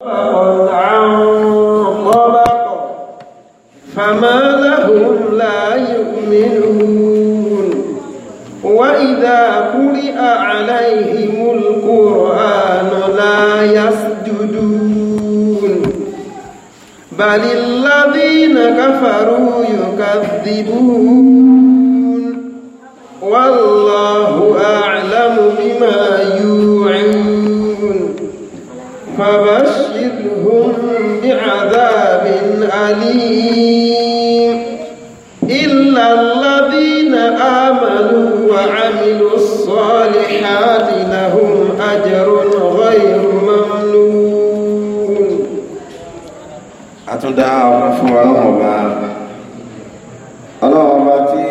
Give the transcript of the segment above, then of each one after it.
فما لهم لا يؤمنون وإذا قرئ عليهم القرآن لا يسجدون بل الذين كفروا يكذبون والله أعلم بما يوعون فبل عليم إلا الذين آمنوا وعملوا الصالحات لهم أجر غير ممنون أتدعى أفهم الله ọlọ́wọ́ bá ṣe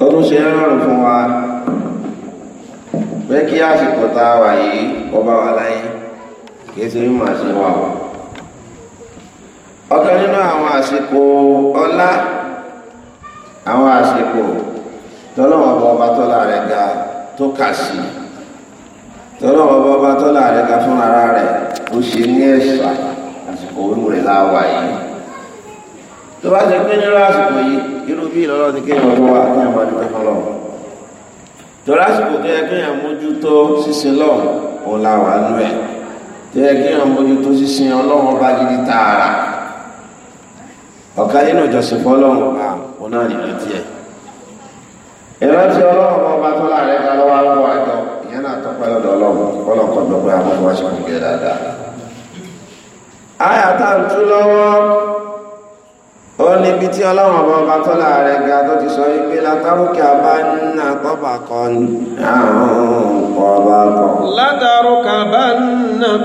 rọrùn fún wa pé kí àsìkò tá a wà yìí ọba wa láyé kìí ṣe wà àṣẹ wa nínú àwọn àsìkò ọlá àwọn àsìkò tọ́lọ́wọ́ ọba ọba tọ́lá rẹ̀ ga tó kà sí tọ́lọ́wọ́ ọba ọba tọ́lá rẹ̀ ga fún ara rẹ̀ ó ṣe ní ẹ̀ṣà àsìkò inú rẹ̀ láwa yìí tó bá ti pín nínú àsìkò yìí irú bí ìlọ́lọ́ ti kí lọ tọ́lá àsìkò mójútó tẹ́yẹ kí wọ́n mójú tó sísin ọlọ́run ọba gidi tààrà ọ̀ka nínú ìjọsìn fọlọ́run ọba òun náà nìyẹn tiẹ̀ ìrántí ọlọ́run ọba tó láàrin ká lọ́wọ́ lọ́wọ́ àjọ ìyẹn náà tọ́pẹ́ lọ́dọ̀ ọlọ́run ọlọ́kọ̀ọ́dọ̀ pé àwọn ọmọ wa ṣe kò gẹ̀ dáadáa. àyà tá à ń tú lọ́wọ́ níbi tí ọlọ́run ọba ọba tọ́lá rẹ̀ ga tó ti sọ wípé látàrókè àbá nà kọ́bà kọ́ ni àwọn kọ́bà kọ́. látàrókè àbá ni àwọn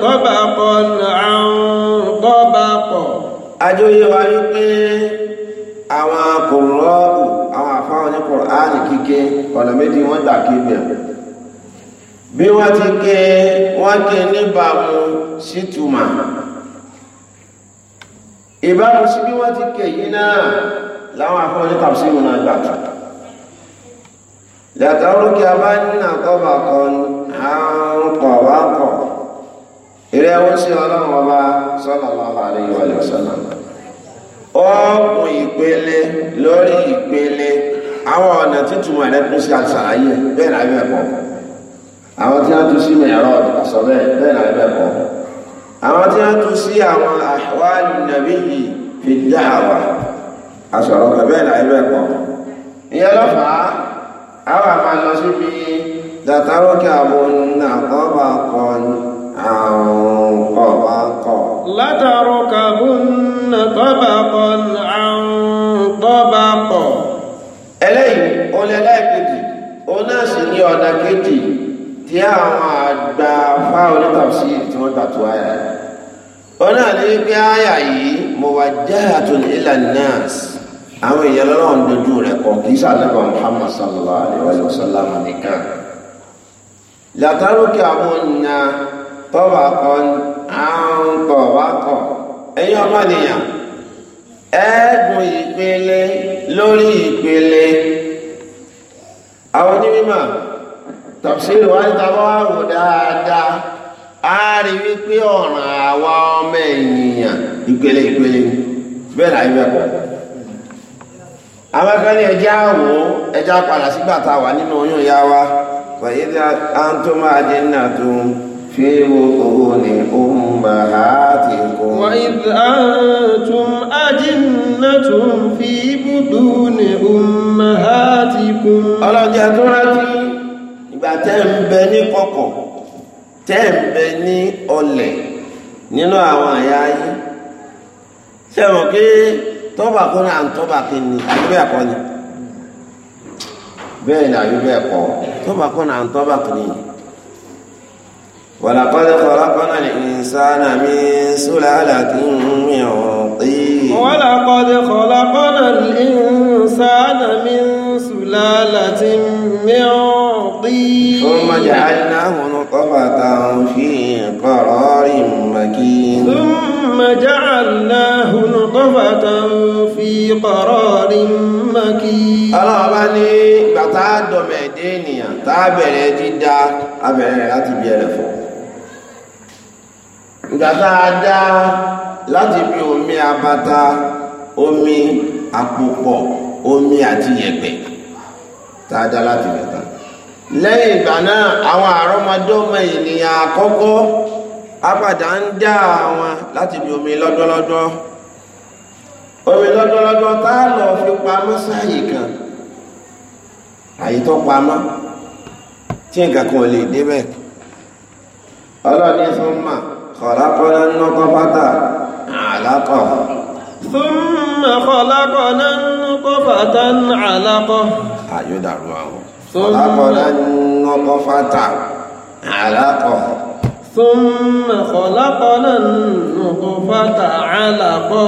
kọ́bà kọ́. wa wípé àwọn akùnrọ́ọ̀bù àwọn àfáwọn ní kùránì kíké ọ̀nà méjì wọ́n gbà kí bẹ̀rẹ̀ bí wọ́n ti ké wọ́n ké níbàámu sí tùmọ̀ ìbámu sí bí wọ́n ti kẹ̀yìn náà láwọn afọ́njú tàbísírù náà gbà tà lẹ́tọ̀ọ́rọ́ kí a bá nínà kọ́bà kan àrùn kọ̀wá kọ̀ ìrẹ́ wọ́n sí ọlọ́run ọba sallallahu alaihi wa sallam ọ̀pùn ìpele lórí ìpele àwọn ọ̀nà títúmọ̀ rẹ̀ kún sí àṣàyè bẹ́ẹ̀ náà bẹ́ẹ̀ kọ́ àwọn tí wọ́n tún sí mẹ́rọ̀ àṣọ bẹ́ẹ̀ bẹ́ẹ̀ náà bẹ́ẹ̀ àwọn tí wọ́n tún sí àwọn àwárí nàbí yìí fi dá àwà àṣọ̀rọ̀ kẹ̀bẹ́ ìlà ẹgbẹ́ pọ̀ ìyẹn lọ́fàá àwọn àmà lọ síbi dàtàrókè àwọn nàkọ́bà kan àwọn kọ̀ọ̀bà kọ̀. látàrókè àwọn nàkọ́bà tí àwọn àgbà fáwọn onítàbísí tí wọ́n tàtò àyà wọn náà ní wípé àyà yìí mo wà jẹ́ àtúnlẹ̀ ìlànà nọ́ọ̀sì àwọn èèyàn lọ́rọ̀ ń dojú rẹ̀ kọ̀ kì í sàlẹ́bà Muhammad sallallahu alayhi wa sallam nìkan látàrókè àwọn ènìyàn tọ́wà kan àrùn kọ̀ wá kọ̀ ọmọ nìyàn ẹ̀ẹ́dùn ìpele lórí ìpele àwọn onímọ̀ tafsir wa ní tàbá wà wò dáadáa a rí wípé ọ̀ràn àwa ọmọ ènìyàn ìpele ìpele bẹ́ẹ̀ láì bẹ́ẹ̀ kọ́ àwọn akẹ́ni ẹja wò ẹja padà sígbà tá a wà nínú oyún ìyá wa fàyídà àǹtọ́mọ́ ajé náà tó ń في بطون أمهاتكم وإذ أنتم أجنة في بطون أمهاتكم ألا جدرتي ìgbà tẹ́ ń bẹ ní kọ̀kọ̀ tẹ́ ń bẹ ní ọlẹ̀ nínú àwọn àyà yìí ṣe mọ̀ pé tọ́ba kó náà ń tọ́ba kí ni àbí bẹ́ẹ̀ ni bẹ́ẹ̀ ni àbí bẹ́ẹ̀ tọ́ba kó náà ń tọ́ba kí ni. ولقد خلقنا الإنسان من سلالة من طين ولقد خلقنا الإنسان من سلالة من طين ثم جعلناه نطفة في قرار مكين ثم جعلناه نطفة في قرار مكين ọlọ́ọ̀bá ní bàtà dọ̀mẹ̀ dé ènìyàn tá a bẹ̀rẹ̀ dídá a bẹ̀rẹ̀ láti bí ẹlẹ́fọ́ ìgbà tá dá láti bí omi abata omi àpòpọ̀ omi àti yẹ̀pẹ̀ tá a dá láti nìkan lẹ́yìn ìgbà náà àwọn àrọ́mọdọ́mọ ènìyàn àkọ́kọ́ apàdà ń dá àwọn láti bí omi lọ́dọ́lọ́dọ́ omi lọ́dọ́lọ́dọ́ tá a lọ fi pamọ́ sáàyè kan àyè tó pamọ́ tí nǹkan kan lè débẹ̀ ọlọ́ni fún mà kọ̀lákọ́lá ń lọ́kọ́ pátá àlákọ̀ ثم خلقنا النطفة علقة yóò dàrú àwọn. ọ̀làkọ̀lá nọkọ fata àlàkọ̀. ثم خلقنا النطفة علقة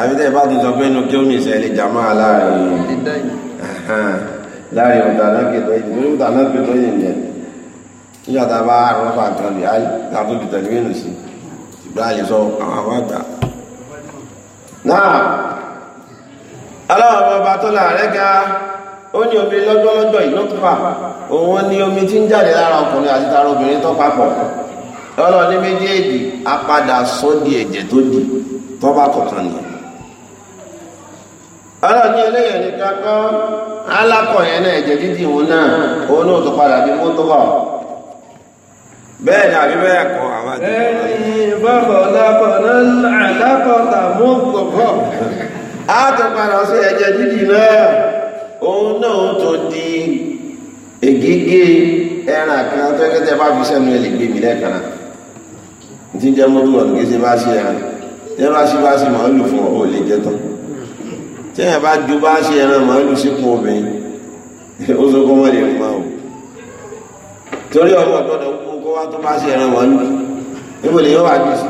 àbí tẹ́ bá ti sọ pé inú kí ó ní ìṣẹ̀lẹ̀ jàmá láàrin láàrin ọ̀tàlákìtọ̀ yìí lórí ọ̀tàlákìtọ̀ yìí yẹn nígbà tá a bá rán bá nǹkan lè áyí tá a tó fi ó ní obìnrin lọ́jọ́ lọ́jọ́ ìlọ́tùfà òun ni omi tí ń jáde lára ọkùnrin àti tara obìnrin tó papọ̀ lọ́lọ́ ní méjèèjì apadà sọ ẹ̀jẹ̀ tó di tó bá kọ̀kan ni ọlọ́ọ̀ ní eléyẹ̀ ní kakọ́ alákọ̀ yẹn náà ẹ̀jẹ̀ dídì òun náà òun náà tó padà di mọ́tòkọ̀ bẹ́ẹ̀ ni àbí bẹ́ẹ̀ kọ́ àwọn àti ẹ̀yìn bọ́kọ̀ lápọ̀ náà òun náà tó di ègégé ẹran kan tó kẹ́tẹ́ bá fi sẹ́nu ẹ̀lì gbé mi lẹ́ẹ̀kan náà tí ń jẹ́ mọ́tò ọ̀nà kí ṣe bá ṣe ẹran tí wọ́n bá ṣe bá ṣe màálù fún ọ lè jẹ tán tí wọ́n bá ju bá ṣe ẹran màálù síkùn obìnrin ó sọ kọ́ wọ́n lè mú àwọn torí ọmọ ọ̀dọ́dọ̀ kó kó wá tó bá ṣe ẹran màálù níbo lè yọ wá jù sí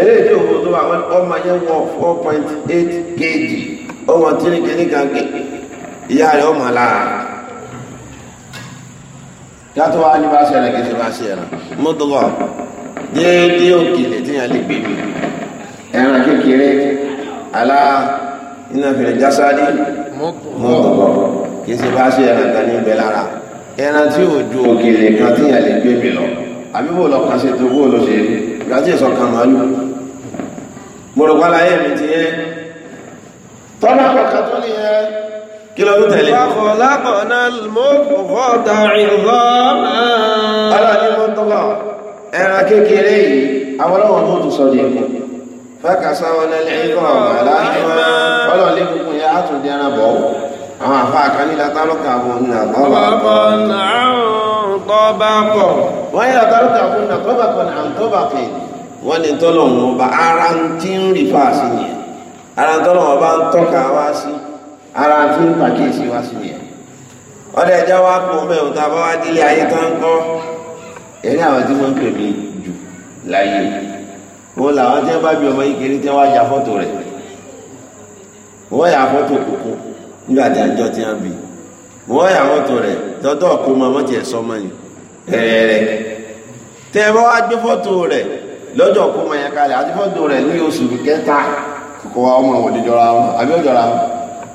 eré tí òkú tó wà ọmọ yẹn wọ four point eight kg ọmọ tí ní kíní kan kékeré ìyá rẹ̀ ọmọ láà dátọ́ wa ní bá ṣe ẹ̀rẹ̀ kìí ṣe bá ṣe ẹ̀rẹ̀ mọ́tòkọ̀ déédéé òkèlè tí yẹn lè gbé mi ẹ̀rọ kékeré alá iná fèrè jásádì mọ́tòkọ̀ kìí ṣe bá ṣe ẹ̀rẹ̀ kan lára tí ò ju òkèlè kan tí yẹn lè gbé mi lọ àbí bò ṣe tó bò ṣe ìgbà tí kan láyé mi ti yẹ tọ́lá kí ló tó tẹ̀lé. fàkọ̀lákọ̀ná mọ́kọ̀ọ́ta ìlọ́ ara ní mo tọ́ka ẹran kékeré yìí àwọn ọlọ́wọ́ tó tún sọ dìbò fàkàṣà ọ̀nà ìlọ́ aláìmọ́ ọlọ́ọ̀lé gbogbo yẹn á tún di ẹran bọ̀ àwọn àfáà kan nílá tálọ́kà àbọ̀ nínú àbọ̀ ara tí ń pàkíyèsí wá sí yẹn ọdẹ wa kó mẹwọn tá a bá wá délé ayé kọ ẹni àwọn tí wọn ń pè mí jù láyé wọn làwọn tí wọn bá bí ọmọ yìí kiri tí wọn wá ya fọ́tò rẹ̀ wọn yà nígbà tí àjọ bí wọn yà kó tiẹ yìí rẹrẹ tẹ ẹ bá wá gbé kó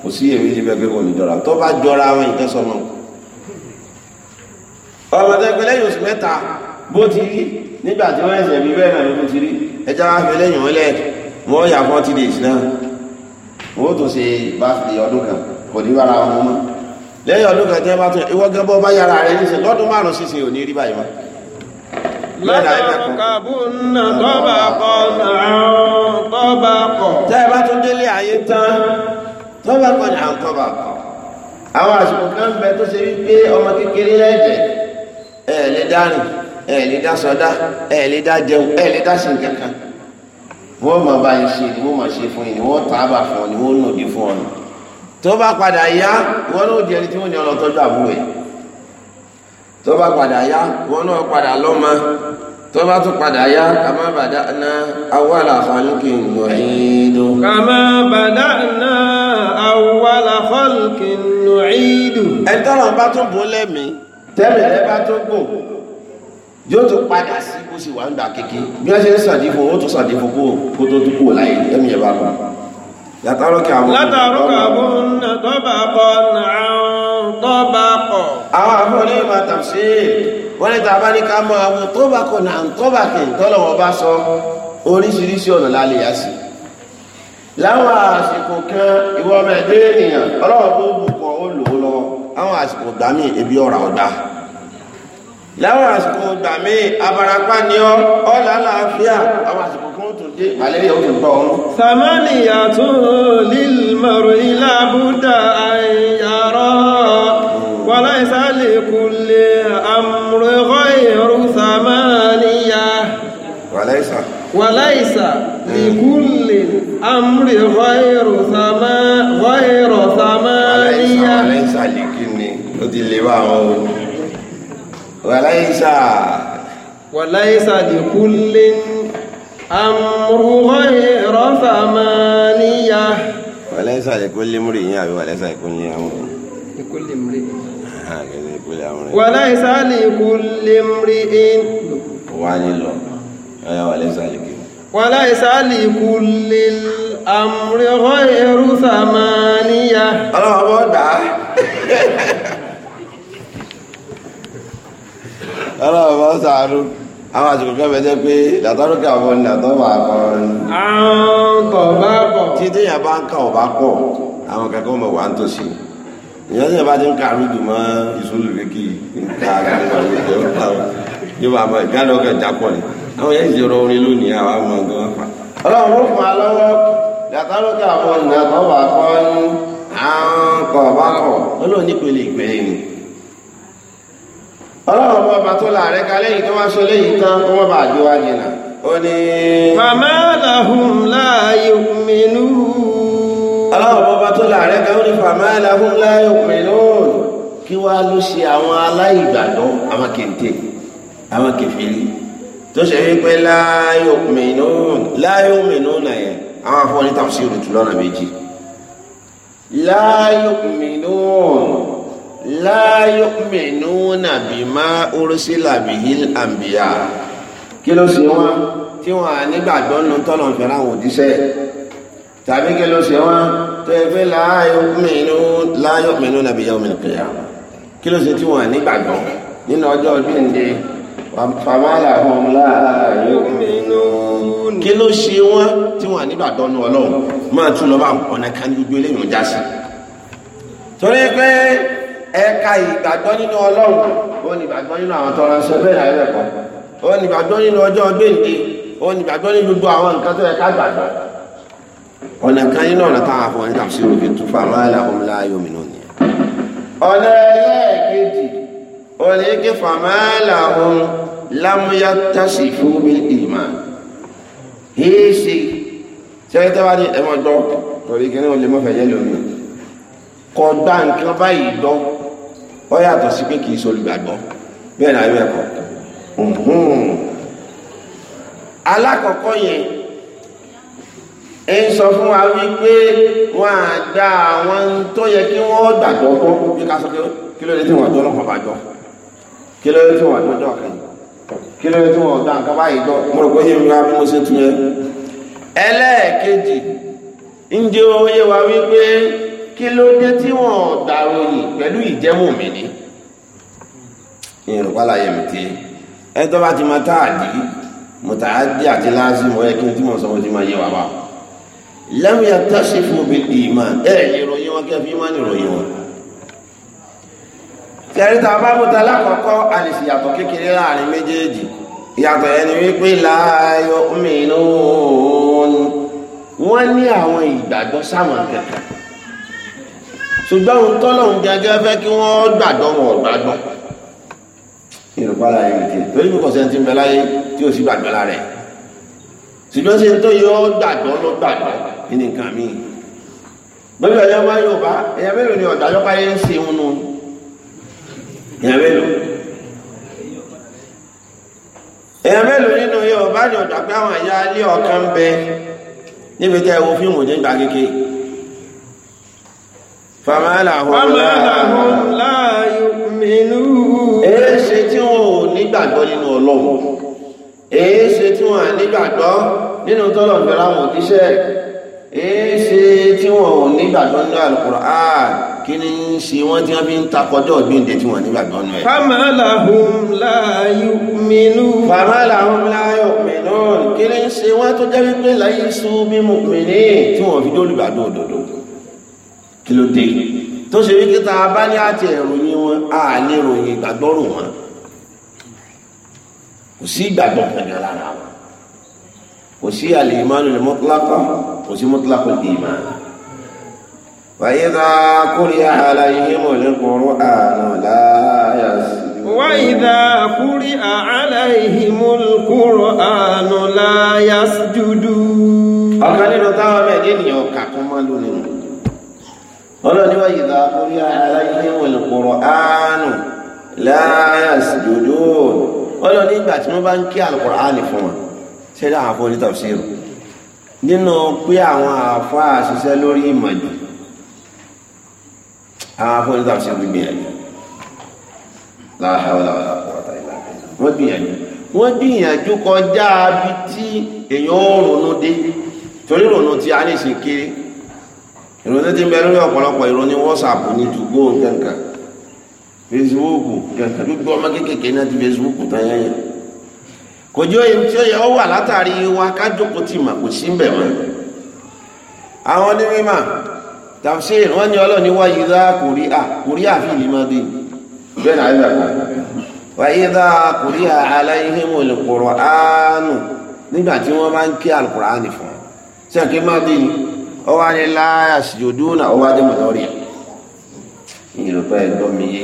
kò sí èmi ti bẹ́ẹ̀ pé kò ní jọra tó bá jọra àwọn ìtàn sọmọ ọmọ tó ẹgbẹ́ lẹ́yìn oṣù mẹ́ta bó ti rí nígbà tí wọ́n ẹ̀sẹ̀ bí bẹ́ẹ̀ náà ló ti rí ẹja wá fi lẹ́yìn wọn lẹ́ẹ̀kì wọ́n yà forty days náà wọ́n tó ṣe báfìlì ọdún kan kò ní bára wọn mọ́ lẹ́yìn ọdún kan tí wọ́n bá tún ìwọ́ gẹ́bọ́ bá yàrá rẹ̀ ní sẹ́ lọ́dún márùn-ún sísè ò ní rí báyìí mọ́. látàkùn tẹ́ tọ́ba kan à ń tọ́ba kan àwọn àsìkò kan bẹ tó ṣe wípé ọmọ kékeré lẹ́jẹ̀ ẹ̀ lè dá rìn ẹ̀ lè dá sọdá ẹ̀ lè dá jẹun ẹ̀ lè dá sí nǹkan kan wọ́n mọ̀ bá yín ṣe ni wọ́n mọ̀ ṣe fún yín ni wọ́n tààbà fún ọ ni wọ́n nòdì fún ọ tó bá padà yá wọ́n náà di ẹni tí wọ́n ní ọlọ́tọ́jú àbúrò ẹ̀ tó padà yá wọ́n náà padà lọ́mọ tó bá tún padà yá kàmá bàdá ná awàlà fàlùkì nùídù. kàmá bàdá ná awàlà fàlùkì nùídù. ẹni tọ́lọ̀ bá tún bó lẹ́mí tẹ́lẹ̀ ẹ bá tún gò yóò tún padà sí kó sì wà ń gbà kéke bí wọ́n ṣe ń sàdífò ó tún sàdífò kó tó tún kú láyé ẹ̀ bá lọ. látàrókè àwọn látàrókè àwọn tọ́bà kọ́ nà tọ́bà kọ́. àwọn àfọlẹ́ wọ́n ní tàbá ní ká máa wo tó bá kọ̀ náà tó bá kì í tọ́lọ̀ wọn bá sọ oríṣiríṣi ọ̀nà lálẹ́ yá láwọn àsìkò kan ìwọ ọmọ ènìyàn ọlọ́run bùkọ̀ ó lò ó lọ àwọn àsìkò gbà ebi ọ̀rà ọ̀dà láwọn àsìkò gbà mí ni ọ ọ̀là àwọn àsìkò kan tó dé malaria ó ti gbọ́ ọ. samaniya tó lil mar'i la budda. wàláyísà wàláyísà lè kú lé àmúrúwọ́ ìrọ́fà máa níyà wàláyísà lè kú lé múrì yín àbí wàláyísà lè kú lé àmúrì lè kú lé múrì wàláyísà lè kú lé múrì in wà nílò ẹ̀yà wàláyísà lè ọlọ́wọ́ bọ́ dáa ọlọ́run bọ́ sàánú àwọn àsìkò kan fẹ́ jẹ́ pé dàtọ́rùkì àwọn ni àtọ́wà àkọrin. àwọn kọ̀ bá bọ̀. tí téèyàn bá ń kà ọ̀ bá pọ̀ àwọn kankan mọ̀ wá ń tòsí ìyá tí a bá ti ń kàrú dùn mọ́ ìsúlùfẹ́kì nǹkan àgbàlagbà ìjọ yóò bá máa gánà ọkàn jápọ̀ ni àwọn yẹn ti rọ orin lónìí àwọn àmọ́ ọgbọ́n apá. ọlọ́run ó fún wa lọ́wọ́ dàtọ́rùkì ni àtọ́wà àkọrin ọlọ́run ọmọ ọba tó láàrẹ ká lẹ́yìn tó wá sọ lẹ́yìn tán ọmọ ọba àjọ wa jìnà ó ní. fama lahum la yu'minun. ọlọ́run ọba tó láàrẹ ká ó ní fama lahum la yu'minun. kí wàá ló ṣe àwọn aláìgbàdàn àwọn kente àwọn kẹfìrí tó ṣe wípé la yu'minun la yu'minun náà yẹn àwọn afọ ní sí ìrùtù méjì la yu'minun láyọ̀mẹ̀nú nàbí má orísí làbí yìí àmbìyà kí ló ṣe wọn tí wọn à nígbàgbọ́ nu tọ́lọ̀ ń fẹ́ràn àwọn òjíṣẹ́ tàbí kí ló ṣe wọn tó yẹ pé láyọ̀mẹ̀nú nàbí yà òmìnira kìyà kí ló ṣe tí wọn à nígbàgbọ́ nínú ọjọ́ ọdún ìdè fàmálà hàn láyọ̀mẹ̀nú kí ló ṣe wọn tí wọn à nígbàgbọ́ nu ọlọ́run máa tún lọ ọ̀nà kan ní gbogbo eléyìí ń já sí torí pé ẹ̀ka ìgbàgbọ́ nínú ọlọ́run ó ní ìgbàgbọ́ nínú àwọn tó ránṣẹ́ bẹ́ẹ̀ náà ẹ̀rẹ̀ kan ó ní ìgbàgbọ́ nínú ọjọ́ gbèǹde ó ní ìgbàgbọ́ nínú gbogbo àwọn nǹkan tó yẹ ká gbàgbọ́ ọ̀nà kan nínú ọ̀nà táwọn afọ ní tàbí sírò fi tún fà máa làwọn ọmọlá yomi náà nìyẹn ọ̀nà ẹlẹ́ẹ̀kejì ọ̀nà èké fà máa làwọn lámúyá tásì fún mi ìmà híìsì sẹ́yìn tó bá ní ẹ̀mọ́ dọ́ torí kí ní olè mọ́fẹ̀ẹ́ nǹkan báyìí dọ́ ọ yàtọ̀ sí pé kì í solùgbàgbọ́ bẹ́ẹ̀ náà yóò ẹ̀kọ́ alákọ̀ọ́kọ́ yẹn ń sọ fún wa wípé wọn á gba àwọn tó yẹ kí wọ́n gbàgbọ́ gbọ́ bí ká sọ pé kí ló dé tí wọ́n tó lọ́kàn bá jọ kí ló dé tí wọ́n tó jọ kan kí ló dé tí wọ́n gbà nǹkan báyìí jọ mo rò pé yẹn wíwá bí mo ṣe tún yẹn ẹlẹ́ẹ̀kejì ń jẹ́ owó yẹ wa wípé kí ló dé tí wọ́n gbàròyìn pẹ̀lú ìjẹ́mùmí ni ìrùpá láyé mi ti ẹ tó bá ti máa táàdì mùtàádì àti láásì mọ̀ ẹ́ kí n tí mo sọ mo ti máa yé wa wá lẹ́mú ya tẹ́sí fún mi di ìmọ̀ ẹ ìròyìn wọn kẹfí máa nìròyìn wọn tẹ̀rítà bá mọ́ta lákọ̀ọ́kọ́ àlèsì yàtọ̀ kékeré láàrin méjèèjì ìyàtọ̀ ẹni wípé láàyò mìíràn wọ́n ní àwọn ìgbàgbọ́ sáwọn kẹkẹ́ ṣùgbọ́n ohun tọ́lọ́hun gẹ́gẹ́ fẹ́ kí wọ́n gbàgbọ́ wọn gbàgbọ́ ìrùpàlà yìí ti torí mi kò sẹ́ni tí ń bẹ láyé tí ò sí gbàgbọ́ lára ẹ̀ ṣùgbọ́n ṣe tó yọ gbàgbọ́ ló gbàgbọ́ ní nǹkan míì bẹ́ẹ̀ ẹ̀yà wá yóò bá ẹ̀yà mélòó ni ọ̀dà yọ́pá yẹn ń ṣe ń nu ẹ̀yà mélòó ẹ̀yà mélòó nínú yóò bá ní ọ̀dà pé àwọn ẹ̀yà ilé ọ̀kan bẹ níbi tẹ́ ẹ wo fíìmù ní gbàgede fama lahum la yu'minun. èé ṣe tí wọn ò nígbàgbọ́ nínú ọlọ́run èé ṣe tí wọn à nígbàgbọ́ nínú tọ́lọ̀ ìfẹ́ra wọn òjíṣẹ́ èé ṣe tí wọn ò nígbàgbọ́ nínú Al-Qur'an kí ni ń ṣe wọ́n tí wọ́n fi ń takọjọ́ ìgbéǹde tí wọ́n nígbàgbọ́ nínú ẹ̀. fama lahum la yu'minun. fama lahum kí ni ń ṣe wọ́n tó jẹ́ wípé láyé sùn bí mu'minin tí wọ́n fi dólùgbàdo òdòdó kí ló dé tó ṣe wípé tá a bá ní àti ẹ̀ròyìn wọn a lè ròyìn ìgbàgbọ́ wọn kò sí ìgbàgbọ́ kankan lára wọn kò sí al-imanu al-mutlaqa kò sí mutlaqul iman. وإذا قرئ عليهم القرآن لا يسجدون وإذا قرئ عليهم القرآن لا يسجدون ọ̀kan nínú táwọn mẹ́rin ènìyàn kà kún lónìí ọlọ́niwá yìí bá kórí aláìní olùkọ̀rọ̀ áánù láyà jòjò ọlọ́ni ìgbà tí wọ́n bá ń kí alùkọ̀rọ̀ áánì fún wọn ṣe dá àwọn afọ́jú tafsírù nínú pé àwọn àfọ́ àṣiṣẹ́ lórí ìmọ̀jù àwọn afọ́jú tafsírù gbìyànjú láhàwọ́láwọ́lá wọ́n gbìyànjú wọ́n gbìyànjú kọjá bí tí ìròyìn ti ń ọ̀pọ̀lọpọ̀ ìròyìn whatsapp ní tùgbó facebook gbogbo ọmọ náà ti facebook tán yẹn yẹn kò tí ó wà látàrí wa kájókòó tì mà kò sí ń mọ́ àwọn ní mímọ̀ tafsir wọn ní ọlọ́ni wá yìí dá kòríà kòríà fi ìlú máa bẹ́ẹ̀ náà wá yìí dá nígbà tí wọ́n bá ń fún ó wá ní láyà ṣùjú náà ó wá dé mọ̀lọ́rì ìrùpá ẹ̀gbọ́ mi yé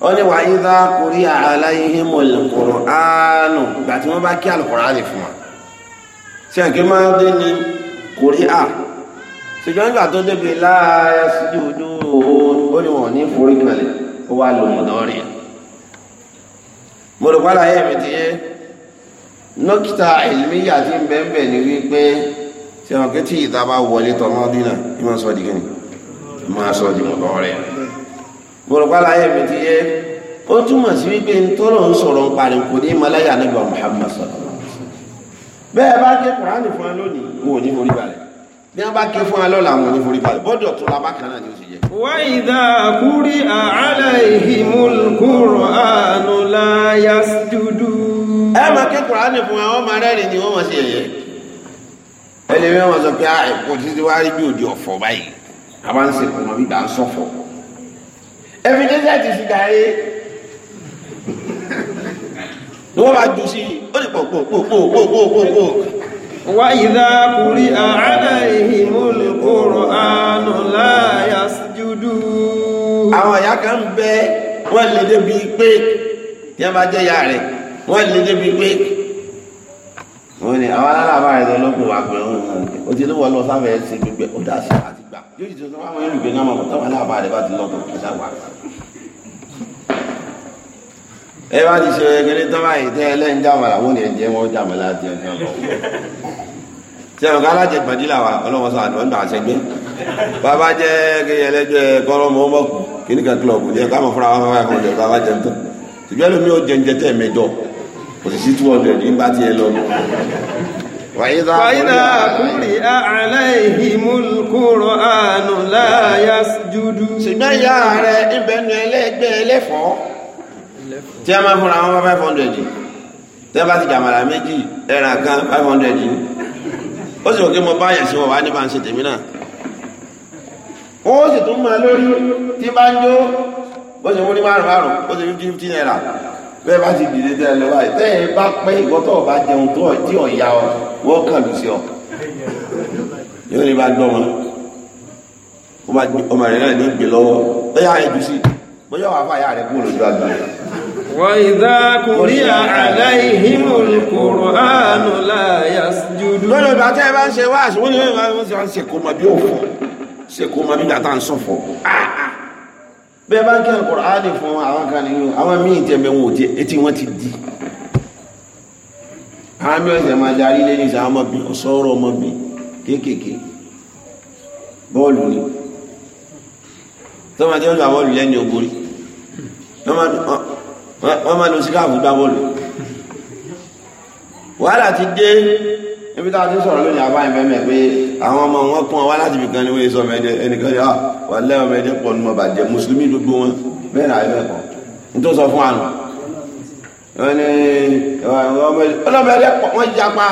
ó ní wà ní dá kórí aláìhí mọ̀lẹ́kọ̀rọ̀ ánù ìgbà tí wọ́n bá kí alùpùpù rẹ̀ fún wa ṣé ẹ̀kẹ́ máa dé ní kórí à ṣùgbọ́n nígbà tó débi láyà ṣùjú ó ní wọ́n ní forí kalẹ̀ ó wá lọ mọ̀lọ́rì mo rò nọ́kítà ìlmíyà tí wọn kẹtí ìta bá wọlé tọ mọdínà sọ di kíni máa sọ di mọ̀tọ́ rẹ̀ gbọ̀rọ̀pálá ayé mi ti yé ó túmọ̀ sí wípé ń tọ́lọ̀ ń sọ̀rọ̀ ń parí kò ní malaya nígbà Muhammad sọ̀rọ̀ bẹ́ẹ̀ bá ké kùránì fún wa lónìí wọn ò ní forí balẹ̀ bí wọ́n bá ké fún wa lọ́la wọn ní forí balẹ̀ bọ́dọ̀ tó la bá kan ni ó sì jẹ́. wa idha quri'a alaihimul Qur'anu la yasjudun. ni wọ́n ẹni mi wọn sọ pé ẹ̀kọ́ ah, títí wá rí bí òde ọ̀fọ̀ báyìí a bá ń sèkùn náà bí gbà ń sọ̀fọ̀ ẹ̀fìn dẹ́sẹ̀tì sí gàáyé ni wọ́n bá ju sí ó lè pọ̀ pọ̀ pọ̀ pọ̀ pọ̀ pọ̀ pọ̀ pọ̀. wá ìdá kùrí àádá ìhìmúlẹ̀ kóró àánú láàyà júdú. àwọn ìyá kan bẹ wọn lè débi pé tí bá jẹ ìyá rẹ wọn lè débi pé wọ́n ní àwọn alábà rẹ̀ tó lókun wà pé ó ti lówó lọ sáfẹ́ ṣe gbígbẹ́ ó dà sí àti gbà yóò ti tó wọn ìlú gbé náà mọ̀ táwọn alábà rẹ̀ bá ti lọ́kọ̀ kí sáwà. ẹ bá ti ṣe kékeré tó báyìí tẹ ẹlẹ́yìn jàmàlà wọ́n ní ẹ̀jẹ̀ wọn jàmàlà ti ẹ̀jẹ̀ lọ. ṣé ọ̀gá alájẹ gbàdílà wa ọlọ́wọ́ sọ àdúrà ńgbà àṣẹgbẹ́ bàbá jẹ́ kéye ẹlẹ́jọ́ kọ́rọ́mọ́ mọ́kù kíníkà kílọ̀bù kò sì sí two hundred ní bá tiẹ̀ lọ. wàyídà kúrì aláìhìmúl Kùránù láyà júdú. ṣùgbọ́n ìyá rẹ̀ ìbẹ̀nu ẹlẹ́gbẹ́ ẹlẹ́fọ́ tí a máa fúnra wọn five hundred tí a bá ti jàmàlà méjì ẹ̀ràn kan five hundred ó sì rò pé mo bá yẹ̀ sí wọn wá ní ṣe tèmi náà ó sì tún máa lórí tí bá ń jó bó ṣe mú ní márùn márùn ó sì fifty fifty naira bẹ́ẹ̀ bá ti dìde tẹ́ ẹ lọ́wọ́ àyè tẹ́ ẹ bá pẹ́ ìwọ́ tó ọba jẹun tó ọjí ọ̀ya ọ wọ́n kàn lù sí ọ yóò ní bá gbọ́ wọn ọmọ rẹ̀ náà ní gbè lọ́wọ́ bẹ́ẹ̀ á yẹjú bóyá wàá fà yà rẹ̀ kúrò lójú àgbà. وإذا قرئ عليهم القرآن لا يسجدون. lọ́dọ̀ bá tẹ́ ẹ bá ń ṣe wáṣọ wọ́n ní wọ́n ṣe kó ma bí òfò ṣe kó ma bí bẹ́ẹ̀ bá ń kí alukọ̀ránì fún àwọn kan nínú àwọn míì tẹ̀mẹ̀ wọn ò etí wọn ti di àwọn míì ọ̀sẹ̀ máa darí lé ní sàá ọmọbìn ọ̀sọ́rọ̀ ọmọbìn kéékèèké bọ́ọ̀lù ni tọ́mọ tí wọ́n gba bọ́ọ̀lù lẹ́ni ogori wọ́n máa lo síkáàfù gbá bọ́ọ̀lù wàhálà ti dé níbi tá a ti sọ̀rọ̀ lónìí abáyé mẹ́mẹ́ pé àwọn ọmọ wọn pọ́n wá láti ibìkan ni wọ́n yẹ sọ ọmọ ẹ̀dẹ́ ẹnìkan yà wà lẹ́wọ̀n ọmọ ẹ̀dẹ́ pọ̀ nínú ọba jẹ́ mùsùlùmí gbogbo wọn bẹ́ẹ̀ náà ẹ̀mẹ́ kan n tó sọ fún àná. wọ́n ní ọlọ́mọ ẹ̀dẹ́ pọ̀ wọ́n japa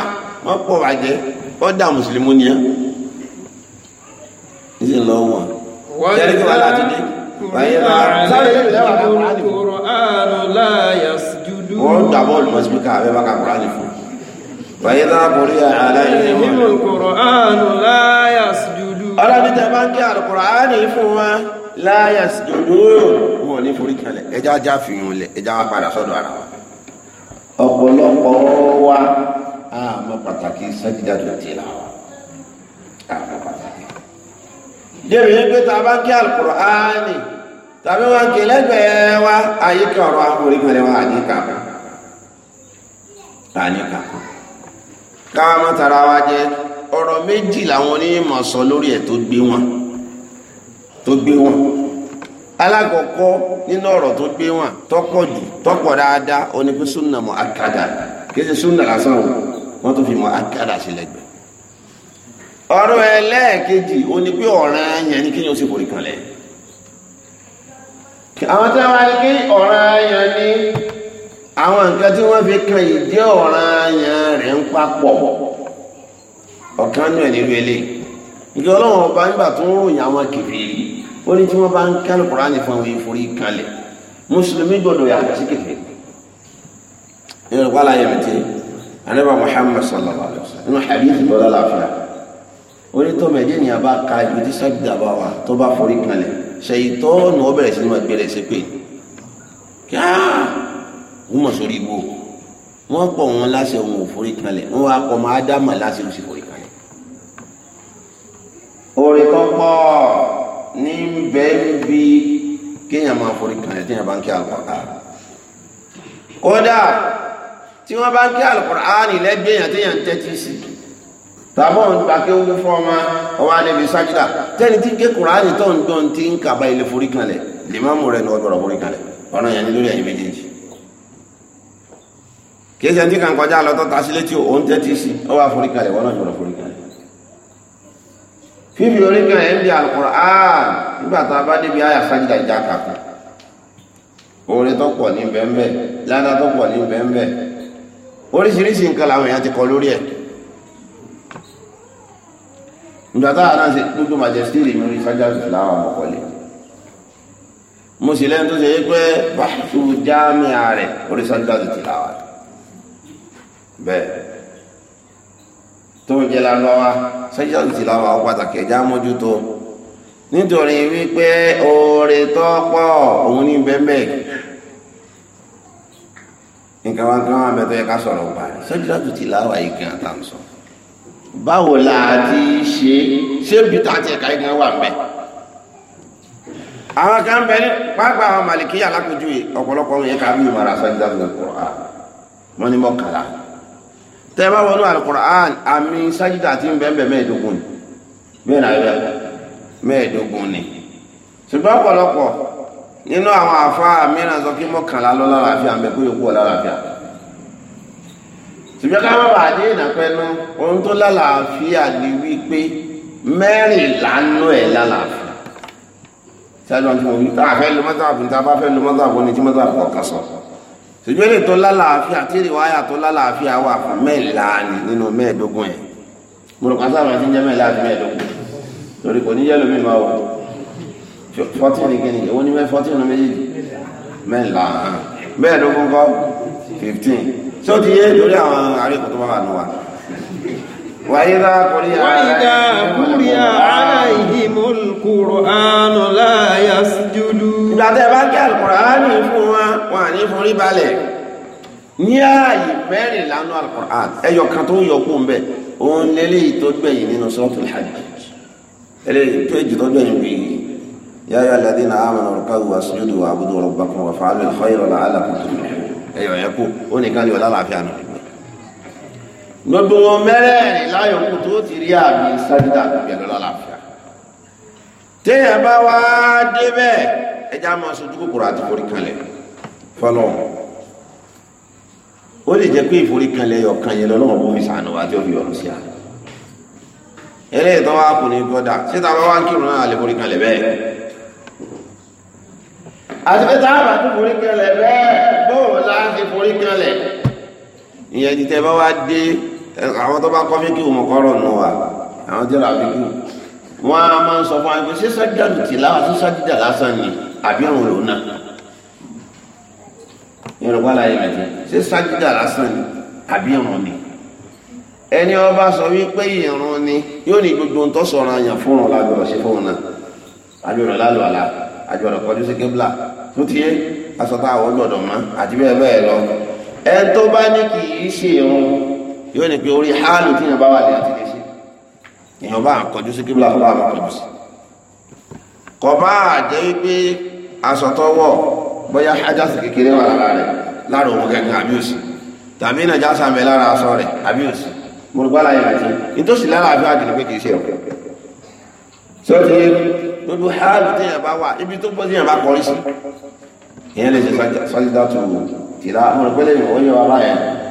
wọ́n pọ̀ bàjẹ́ wọ́n dà mùsùlùmí nìyẹn. ní sìn lọ wọn. wọ́n dà bọ́ọ̀lù mọ́sibíkà abẹ́ bá ka kúránì fún فإذا قرئ عليهم القرآن لا يسجدون ọlọ́ni tẹ bá ń kí àlùkùránì fún wa la yasjudun wọn ò ní forí kalẹ̀ ẹja ajá fi hàn lẹ̀ ẹja wa padà sọ́dọ̀ ara wa. ọ̀pọ̀lọpọ̀ wa àmọ́ pàtàkì sájídà tó ti là wa àmọ́ pàtàkì. débi yẹn pé tá a bá ń kí àlùkùránì tàbí wọn kì í lẹ́gbẹ̀ẹ́ wa àyíká ọ̀rọ̀ àforí kalẹ̀ wa àyíká kan àyíká kan káwá má tara wa jẹ ọ̀rọ̀ méjì làwọn onímọ̀ sọ lórí ẹ̀ tó gbé wọn tó gbé wọn alákọ̀ọ́kọ́ nínú ọ̀rọ̀ tó gbé wọn tọ́pọ̀ jù tọ́pọ̀ dáadáa ó ní pé súnà mọ̀ àkàdà kí lásán o wọ́n tó fi mọ̀ àkàdà sí lẹ́gbẹ̀ẹ́ ọ̀rọ̀ ẹlẹ́ẹ̀kejì ó ní yẹn ni kí yóò sì forí kanlẹ̀ àwọn tí wọ́n ní kí ọ̀ràn yẹn ni àwọn nǹkan tí wọ́n fi kan yìí jẹ́ ọ̀ràn yẹn yẹn ń papọ̀ ọ̀kan náà nílùú ilé ìgbà ọlọ́run ọba nígbà tó ń ròyìn àwọn kèfèrí ó ní tí wọ́n bá ń kẹ́lù kúránì fún àwọn ìforí kanlẹ̀ mùsùlùmí gbọdọ̀ yàtọ̀ sí kèfèrí nínú ìpàlà yẹn ti anábà Muhammad sallallahu alayhi wa sallam nínú hadith bọ́lá láàfíà ó ní tó mẹ́jẹ́ ní abá ka ibi tí sábìdà bá wà tó bá forí kanlẹ̀ ṣèyítọ́ nù ọ bẹ̀rẹ̀ sí ní wọn gbẹ̀rẹ̀ sí pé kí á wọ́n mọ̀ sórí igbó wọ́n pọ̀ wọn láṣẹ wọn ò forí kanlẹ̀ wọ́n wá pọ̀ máa dámà láṣẹ ó sì forí kanlẹ̀. orí tó pọ̀ ní bẹ́ẹ̀ bí kéèyàn máa forí kanlẹ̀ téèyàn bá ń kí Al-Qur'an. kódà tí wọ́n bá ń kí Al-Qur'an lẹ́gbẹ̀ẹ́ yàn téèyàn tẹ́tí sí tàbọ̀ ń kí wọ́n fọ́ ọmọ ọwọ́ adébí sájúdà tẹ́ni tí ké Kùránì tó ń dán ti ń kàbá ilé forí kanlẹ̀ lè má mú rẹ̀ ní ọgbọ̀rọ̀ forí kanlẹ̀ ọ̀nà yẹn ní lórí ẹ̀yìn méjèèjì kìí ṣe ní kan kọjá lọ tó ta sí létí òun tẹ́tí sí ó wá forí kalẹ̀ wọ́n náà jọ̀rọ̀ forí kalẹ̀ fífi orí kan ẹ̀ ń di Al-Qur'an nígbà tá a bá débi àyà sájídà ìjà kàkà oore tó pọ̀ ní bẹ́ẹ̀nbẹ́ ládá tó pọ̀ ní bẹ́ẹ̀nbẹ́ oríṣiríṣi nǹkan làwọn èèyàn ti kọ lórí ẹ̀ nígbà táwọn náà ṣe dúdú majestiri mi rí sájà láwọn ọmọkọlẹ̀ mo sì lẹ́nu tó ṣe yé pé bàtú jámíà rẹ̀ orí bẹ́ẹ̀ tó ń jẹ́ lárúbáwá sẹ́jọ́sì ti lárúbáwá pàtàkì ẹ̀já mójútó nítorí wípé oore tó pọ̀ òun ní bẹ́ẹ̀ nǹkan wá kan wá mẹ́tọ́ yẹ ká sọ̀rọ̀ pa rẹ̀ sẹ́jọ́sì ti lárúbáwá yìí kan tá à ń sọ báwo la ti ṣe ṣé bí tá a ti ẹ̀ka igan wà mẹ́ àwọn kan bẹ ní pápá àwọn màlìkí alákòjú ọ̀pọ̀lọpọ̀ yẹ ká bí ìmọ̀ràn sẹ́jọ́sì ti lárúbáwá wọn mọ́kànlá tẹ́ bá wọnú alukur'an àmì sájídà tí ń bẹ́ẹ̀ mẹ́ẹ̀ẹ́dógún ni bẹ́ẹ̀ náà bẹ́ẹ̀ mẹ́ẹ̀ẹ́dógún ni ṣùgbọ́n ọ̀pọ̀lọpọ̀ nínú àwọn àfáà mìíràn sọ kí mọ́kànlá lọ lálàáfíà ń bẹ kó yòókù lálàáfíà ṣùgbọ́n ká má bàa dé ìnàpẹ́nu ohun tó lálàáfíà ni wípé mẹ́rìnlá nú ẹ̀ lálàáfíà ṣáájú tí mo wí tá a fẹ́ lo mọ́tàbù ní bá fẹ́ lo mọ́tàbù ní tí mọ́tàbù kọ̀ọ̀kan sọ ṣùgbọ́n ètò lálàáfíà tí ìrìwáyà tó lálàáfíà wà fún mẹ́ẹ̀lá ni nínú mẹ́ẹ̀ẹ́dógún ẹ̀ mọ̀rọ̀kọ́ sábà ti ń jẹ́ mẹ́ẹ̀lá àti mẹ́ẹ̀ẹ́dógún torí kò ní yẹ́lò mi máa wà fọ́tìrì kìíní èwo ní fọ́tìrì ní méjèèjì mẹ́ẹ̀lá mẹ́ẹ̀ẹ́dógún kọ́ fifteen ṣó ti yé lórí àwọn àríkùtù bá wà nù wà. وإذا قرئ عليهم القرآن لا يسجدون ìgbà tẹ́ bá kí alkùránì fún wa wà ní forí balẹ̀ ní ààyè mẹ́rin lánú alkùrán ẹyọ kan tó ń yọkú ń bẹ̀ òun lélẹ́ ìtọ́gbẹ̀yìn nínú sọ́tún hajj eléyìí tó èjì tọ́gbẹ̀yìn bí يا أيها الذين آمنوا اركعوا واسجدوا واعبدوا ربكم وافعلوا الخير لعلكم تفلحون ẹyọ yẹn kú ó nìkan lè wọlé àlàáfíà náà gbogbo wọn mẹ́rẹ̀ẹ̀rin láyọ̀kú tó ti rí àmì sájídà pẹ̀lú lálàáfíà téèyàn bá wá débẹ̀ ẹjá máa sojú kòkòrò àti foríkanlẹ̀ fọlọ́n ó lè jẹ́ pé ìforíkanlẹ̀ ọ̀kan yẹn lọ́wọ́ bó fi sànù àti òfin ọ̀run sí àná eléyìí tó wá kù ní gbọ́dà síta ìyẹn ti tẹ́ bá wá dé àwọn tó bá kọ́ fíkì wọn kọ́rọ̀ nù wa àwọn tí ó ra fíkì wọn a máa ń sọ fún àgbẹ̀ sísá jíjà lù tì láwọn sísá jíjà lásán ni àbí àwọn òun náà yorùbá láyé mẹ́tẹ́ sísá jíjà lásán ni àbí àwọn ni ẹni ọba sọ wípé ìrún ni yóò ní gbogbo tó sọ̀rọ̀ àyàn fún un lágbọ̀rọ̀ sí fún un náà àjọrọ̀ lálọ́ àlá àjọrọ̀ kọjú sí kébìlà tó ti yé asọ́tà àwọn gbọ̀dọ̀ mọ́ àti bẹ́ẹ̀ bẹ́ẹ̀ lọ ẹ tó bá ní kì í ṣe ìrún yóò ní pé orí hálù tí èèyàn bá wà ní àti lè ṣe èèyàn bá kọjú sí kíbla ọba àmọ́ kọjú sí kọ bá jẹ́ wípé aṣọ tọwọ́ bóyá ajásí kékeré wà lára rẹ̀ lára òun gẹ́gẹ́ àbí òsì tàbí ìnàjà sàmì lára aṣọ rẹ̀ àbí òsì mo rò gbára ìrìnàjò nítòsí lára àbí àjùlọ pé kì í ṣe ọ̀pẹ̀ tí ti gbogbo hálù tí èèyàn wà ibi tó gbọ́ tí èèyàn kọrí sí ìyẹn lè ṣe sọ́jídá tó tìlá mo lè yọ̀ wọ́n yọ̀ wá báyẹn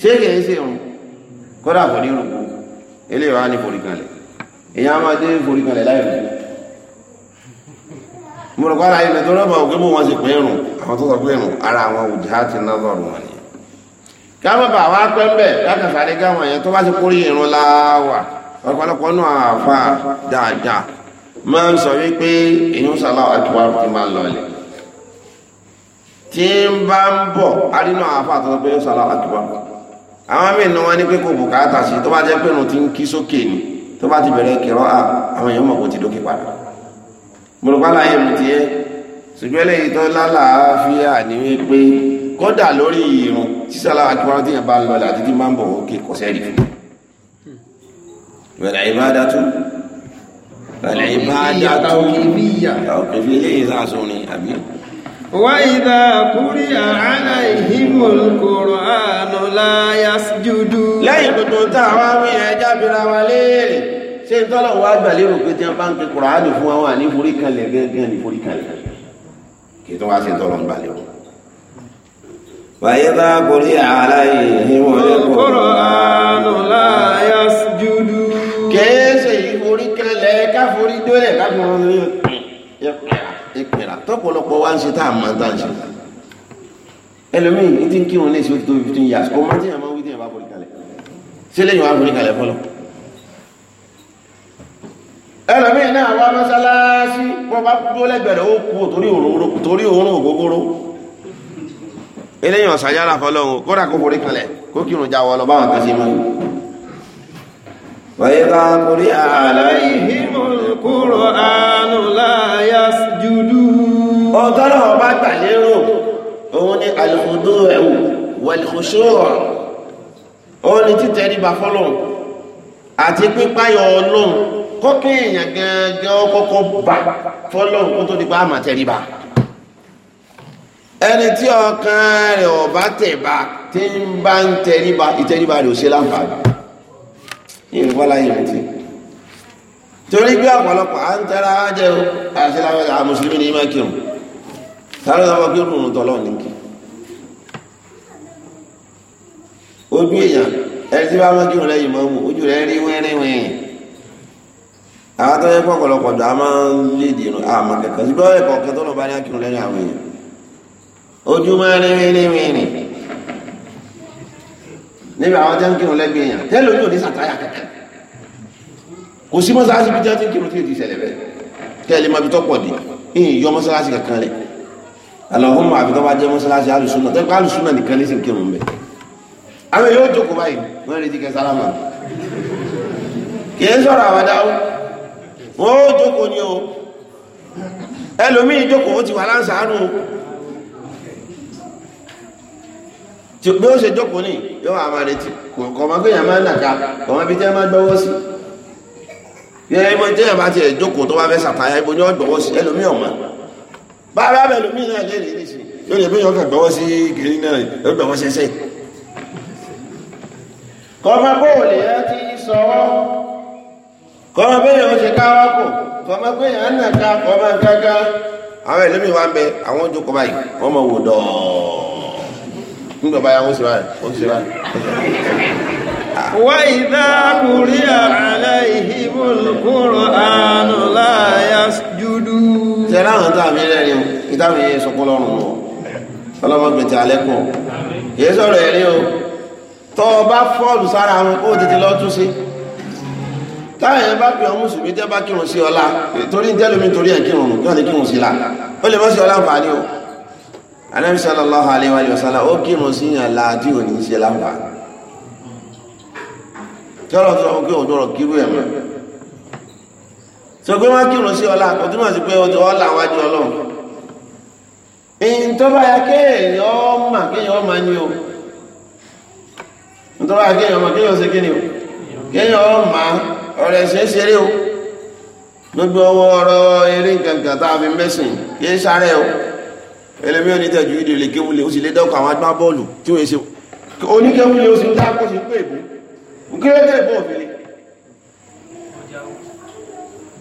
ṣé kìí ṣe òun kódà kò ní rògbò eléyìí wá ní foríkanlẹ̀ èyàn á máa dé foríkanlẹ̀ láì rògbò mo rò pàrọ̀ ayẹyẹ tó rọ́bà òkè mú wọn sì pé irun àwọn tó sọ pé irun ara àwọn òjá ti ná lọ́rùn wọn ni ká má bà wá pẹ́ mbẹ́ lákàtàrí káwọn èèyàn tó bá ti kórè irun láwà ọ̀pọ̀lọpọ̀ náà àfa dáadáa máa ń sọ wípé èyàn sàlá àtúwà ti máa ń lọlẹ̀ tí ń bá ń bọ̀ arínú àfa àtọ́sọ pé yóò sàlá àtúwà àwọn míì náà wọ́n ní pé kò bùkátà sí tó bá jẹ́ pé irun ti ń kí sókè ni tó bá ti bẹ̀rẹ̀ kẹrọ à àwọn èèyàn mọ̀ kó ti dókè padà mọ̀lùpàlà yẹn mi ti yẹ ṣùgbọ́n lẹ́yìn tó lálàáfíà ni wípé kódà lórí irun sísálàwà kí wọ́n ti yàn bá ń lọlẹ̀ àti tí máa ń bọ̀ òkè kò sẹ́rì fún ìwẹ̀lẹ̀ ìbáadá tún ìwẹ̀lẹ̀ ìbáadá tún ọ̀kẹ́fì lẹ́yìn sáà sórin àbí وإذا قرئ عليهم القرآن لا يسجدون lẹ́yìn gbogbo tá a wá wí ẹja bira wa léèrè ṣé ń tọ́lọ̀ wá gbà lérò pé tí wọ́n bá ń pe kùránì fún wa wà ní forí kanlẹ̀ gángan ní forí kanlẹ̀ kì í tó wá ṣe ń tọ́lọ̀ ń gbà lérò. وإذا قرئ عليهم القرآن لا يسجدون kèé ṣe ìforí kanlẹ̀ káforí dólẹ̀ káforí dólẹ̀ tọ́pọ̀lọpọ̀ wá ń ṣe tá a máa tá a ṣe ẹlòmíì ní tí ń kírun ní ìṣòwò tó fifteen years kò má tí yàrá máa wí tí yàrá bá forí kalẹ̀ ṣé lẹ́yìn wàá forí kalẹ̀ fọlọ́ ẹlòmíì náà wá mọ́sálásí wọ́n bá dúró lẹ́gbẹ̀rẹ̀ ó kú torí òórùn ògógóró eléyìn ọ̀sàjára fọlọ́run kódà kó forí kalẹ̀ kó kírun ọ̀tọ́rọ̀ ọba gbàlérò òun ni àlùkùdó ẹ̀wù wẹ̀lùkùsọ́rọ̀ òun ni títẹríba fọ́lọ̀ àti pípáyọ̀ ọlọ́run kọ́kẹ́ èèyàn gẹ́gẹ́ ọkọ́kọ́ bá fọ́lọ̀ kó tó di pa àmà tẹríba ẹni tí ọkàn rẹ̀ ọba tẹ̀ba tí ń bá ń tẹríba ìtẹríba rẹ̀ ò ṣe láǹfààní torí bí ọ̀pọ̀lọpọ̀ à ń tẹ́ra jẹ́ àṣíláwẹ́lá mùsùlùmí ní ìmọ̀kìrùn tààrà sábà pé òun tọ́ lọ́wọ́ ní kí ojú èèyàn ẹni tí bá máa kírun lẹ́yìn máa mú ojú rẹ̀ rí wẹ́rẹ́wẹ́rẹ́ àwọn tó yẹ pọ̀pọ̀lọpọ̀ jọ a máa ń lè dìrò àmọ́ kẹ̀kẹ́ sí bọ́ọ̀ ẹ̀kọ́ kẹ́ tó lọ bá ní akírun lẹ́yìn àwọn èèyàn ojú máa rí wẹ́rẹ́wẹ́rẹ́ níbi àwọn tó ń kírun lẹ́gbẹ̀ẹ́ èèyàn tẹ́lẹ̀ ojú ò ní sàtáyà kẹ̀kẹ́ kò sí mọ́sálásí bí jẹ́ tó ń kírun tí ò alahuma àbítọ́ bá jẹ́ mọ́sálásí alùsùnà tẹ́kọ̀ alùsùnà nìkan lè sì kírun bẹ̀ àwọn yóò jókòó báyìí wọ́n retí kẹ sálámà kìí sọ̀rọ̀ àwàdà ó wọ́n ó jókòó ni o ẹlòmíì jókòó ó ti wà láǹsàánù tí bí ó ṣe jókòó ní yóò wà máa retí kò mọ́ pé èèyàn máa ń nàka kò mọ́ bí tẹ́ máa gbọ́wọ́ sí yẹ́n mọ́ tẹ́yàn bá tiẹ̀ jókòó tó bá fẹ́ sàtáyà ibo ni wọ́n gbọ́wọ́ sí ẹlòmíì ọ̀mọ́ bàbá bẹ̀ lómi náà lè rí nísìnyí yóò lè bẹ́yìn ọkàn gbọ́wọ́ sí gèrí náà yóò gbọ́wọ́ sẹ́sẹ́. kọ́mọ pé òlè yẹn ti sọ̀rọ̀ kọ́mọ pé yẹn ti káwọ́ kù kọ́mọ pé yẹn nàka kọ́mọ gángan. àwọn ìlú mi wá ń bẹ àwọn ojú kọ báyìí wọ́n mọ̀ wò dọ̀ọ́ nígbà báyà wọ́n sì báyìí wọ́n sì báyìí. وإذا قرئ عليهم القرآن لا يسجدون tẹ́lá àwọn tàbí rẹ̀rin ìtàbí sọpọlọ́rùn wọn ọlọ́mọgbẹ̀tẹ̀ alẹ́kùn yìí sọ̀rọ̀ ẹ̀rí o tọ́ bá fọ́ọ̀lù sára wọn kó tètè lọ tún sí táyẹ̀ bá pè ọ mùsùlùmí tẹ́ bá kírun sí ọlá torí tẹ́lómi torí ẹ̀ kírun kí wọ́n ti kírun sí la ó lè mọ́ sí ọlá nfààní o Ànábì sallallahu alaihi wa sallam ó kírun kírú ẹ̀ sọ pé má kírun sí ọlá kò túmọ̀ sí pé ọjọ́ ọlá wájú ọlọ́run èyí tó bá yá kéèyàn ọmọ kéèyàn ọmọ ni o tó bá yá kéèyàn ọmọ kéèyàn ṣe kíni o kéèyàn ọmọ ọ̀rẹ́ ṣe é ṣeré o gbogbo ọwọ́ ọ̀rọ̀ eré nǹkan tá a fi mẹ́sìn kí é sáré o ẹlẹ́mí onítẹ̀jú ìdè lè kéwulẹ̀ ó sì lé dọ́kọ̀ àwọn agbábọ́ọ̀lù tí wọ́n ṣe oníkéwulẹ̀ ó sì ń dá kó sí pé ìbò òkèlè tẹ̀ ìbò òfin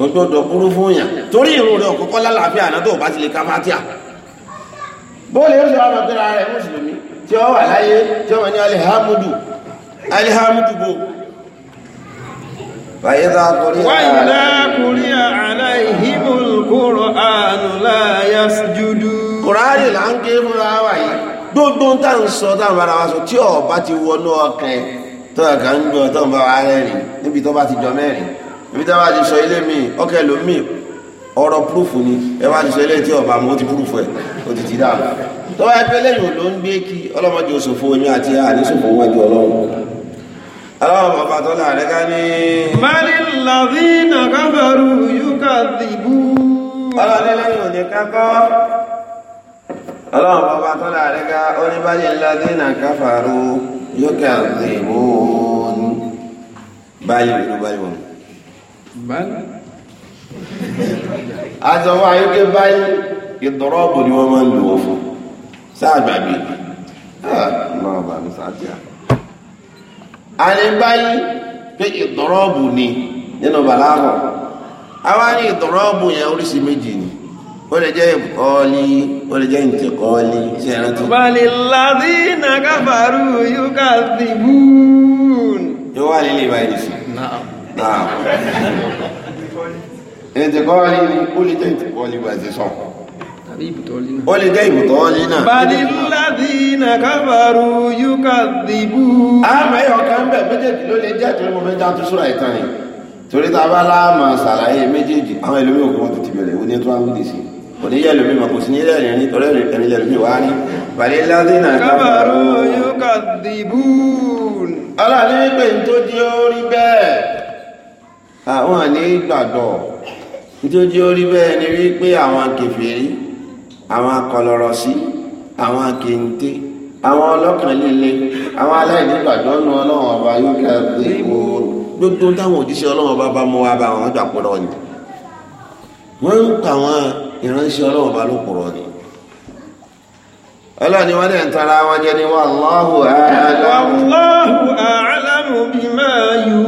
kò gbọdọ̀ burú fún yàn torí ìrun rẹ̀ ọ̀kọ́kọ́ lálàáfíà náà tó bá ti lè ka fátíà bóòlù yóò ṣe wá máa tẹ́ra rẹ̀ mùsùlùmí tí ó wà láyé tí ó wà ní alihamudu alihamudu bò fàyíká kòrí àlá kòrí àlá ìhìmùl kòrò àánú láyá jùdú kòrárì là ń ké fúnra wà yìí gbogbo ń tà ń sọ táwọn ara wa sọ tí ó bá ti wọnú ọkàn tó ẹ̀ka ń gbọ́ tó ń bá wa rẹ̀ rìn níbi tó bá ti jọ mẹ́rin ibi tí a bá ti sọ ilé mi ọkẹ́ lómi ọ̀rọ̀ púrúfù ni ẹ bá ti sọ ilé tí ọba mo ti púrúfù ẹ̀ ó ti ti dáa tó wáyé pé lẹ́yìn ló ń gbé kí ọlọ́mọdé òṣòfò omi àti àníṣòfò wájú ọlọ́run aláwọ̀ bàbá tó láàrẹ́ ká ní. bali lazi na kábàrú yúkà dìbú. ọlọ́dẹ lẹ́yìn òní kákọ́ ọlọ́run bàbá tó láàrẹ́ ká ó ní bali lazi na yúkà dìbú. báyìí ló báyìí àtọ̀wọ́ ayókè báyìí ìdọ̀rọ̀bù ni wọ́n máa ń lò ó fún sáàgbàgbé náà bà mí sáàtìyà àní báyìí pé ìdọ̀rọ̀bù ni nínú bàlágọ̀ àwa ní ìdọ̀rọ̀bù yẹn oríṣi méjì ni ó lè jẹ́ ìkọ́ọ́lí ó lè jẹ́ ìtẹ̀kọ́ọ́lí ṣe rántí. balẹ̀ ládì nàgàfàrú yóò kà sí bùn. yóò wà nílé ìbáyìí sí. náà náà ah. ìtìkọ́lì ó lè jẹ́ ìtìkọ́lì bá ti sọ ó lè jẹ́ ìbùtọ́lì náà bàdí láti nà káfàrú yúkà dìbù àmọ́ ẹ̀yọ̀ kan bẹ̀ méjèèjì ló lè jẹ́ torí mo fẹ́ já tó súra ìtàn yìí torí ta bá láàmà sàlàyé méjèèjì àwọn ẹlòmí òkú wọn ti bẹ̀rẹ̀ ó ní tó á ń dì sí kò ní yẹ lómi màkò sí ní ilé àwọn àní gbàgbọ́ nítorí orí bẹ́ẹ̀ ni wípé àwọn kèfèrí àwọn akọlọ̀rọ̀ àwọn kèǹté àwọn ọlọ́kàn líle àwọn aláìnígbàgbọ́ nu ọlọ́run ọba yóò gbogbo táwọn òjíṣẹ́ ọlọ́run ọba bá mú wa bá wọn gbà ni ń pa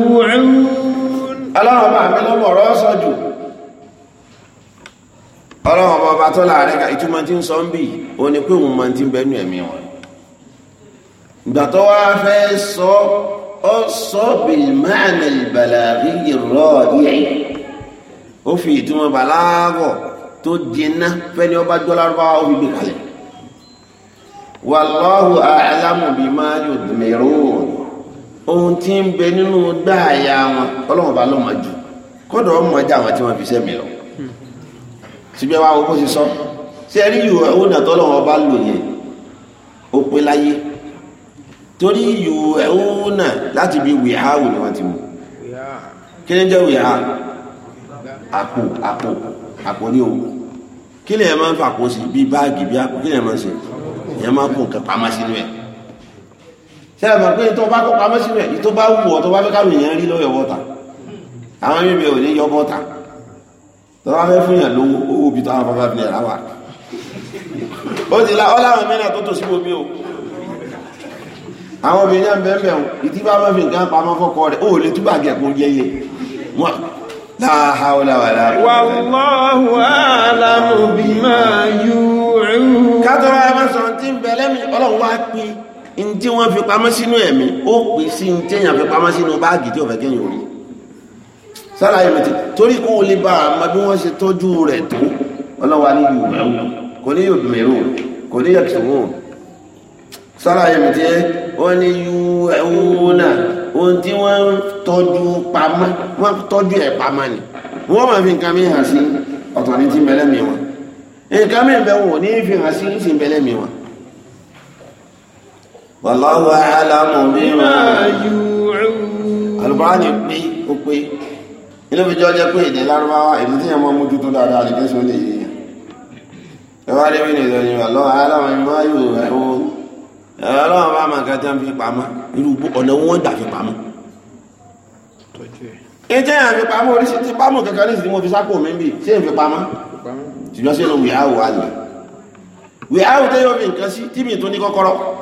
àwọn ni ni ọlọ́run ọba mi lọ́mọ ọ̀rọ̀ sọ jù ọlọ́run ọba ọba tọ́lá rẹ̀ ká ìtumọ̀ tí ń sọ ń bì ó ní pé òun máa ti ń bẹ́nu ẹ̀mí wọn ìgbà tó wá fẹ́ sọ ọ sọ bìlmánà ìbàlàrí ìrọ̀ yìí ó fi ìtumọ̀ bàlágọ̀ tó jiná fẹ́ni ọba jọlárúbáwá ó fi gbé kalẹ̀ wàlọ́hù àlámù bímá yóò dùmẹ̀rún ohun tí ń bẹ nínú gbáàyà wọn ọlọ́run bá lọ́mọ jù kọ́dọ̀ ọmọ ẹja àwọn tí wọ́n fi sẹ́mi lọ síbi ẹwà owó ti sọ ṣé ẹ rí ìwà owó náà tọ́lọ́wọ́ bá lò yẹn ó pé láyé torí ìwà owó náà láti bí wìháwù ni wọ́n ti mú kí ni jẹ́ wìhá àpò àpò àpò ní owó kí ni ẹ máa ń fàkóso bíi báàgì bíi àpò kí ni ẹ máa ń ṣe ẹ máa ń kó nǹkan pamọ́ sínú ẹ̀ ṣe é mọ̀ pé tó bá kó pamọ́ sínú tó bá wù tó bá fẹ́ káwọn èèyàn rí lọ́yọ̀ wọ́ta àwọn mímí ò ní yọ bọ́ta tó bá fẹ́ fún yàn lówó owó bí táwọn fáfá fi lẹ́ra wà ó ti la ọláwọn mẹ́rin tó tò sí omi o àwọn obìnrin náà bẹ́ẹ̀ bẹ́ẹ̀ ìdí bá má fi nǹkan pamọ́ fọ́kọ rẹ̀ ó lè túbà gẹ̀kún jẹ́yẹ wọn لا حول ولا قوة والله ntí wọ́n fi pamọ́ sínú ẹ̀mí ó pè sí ntí èèyàn fi pamọ́ sínú báàgì tí ò fẹ́ kéèyàn sára ẹ̀mí ti torí kó o lè bá a mọ bí wọ́n ṣe tọ́jú rẹ̀ tó ọlọ́wà ní ìlú ẹ̀wù kò ní yóò mẹ́rù kò ní yàtọ̀ wọn sára ẹ̀mí ti ẹ́ wọ́n ní yú ẹ̀wù náà ohun tí wọ́n tọ́jú pamọ́ wọ́n tọ́jú ẹ̀ pamọ́ ni wọ́n máa fi nǹkan mi hàn sí ọ̀tọ̀ ní ti mẹ́lẹ́mì wọn nǹkan mi bẹ̀ wọ́n ní fi hàn sí ti mẹ́lẹ́mì wọn wallahu a'lamu bima yu'un. alubarani pé ó pé inú fi jọ jẹ́ pé èdè lárúbáwá èdè tí yẹn mọ́ mójú tó dáadáa lè kẹ́sì ó lè yé yẹn. ẹ wá débi ní ìlọrin wallahu a'lamu bima yu'un. ọlọ́run bá máa kẹ́tẹ́ ń fi pamọ́ irú ọ̀nà wọn gbà fi pamọ́. ìjẹ́ yẹn fi pamọ́ oríṣi ti pamọ́ kankan ní ìsinmi mo fi sápò mi bì ṣé n fi pamọ́. ṣùgbọ́n sínú wíhá wò á wíhá wò tẹ́yọ̀ fi nǹkan sí tí mi tún ní kọ́kọ́rọ́.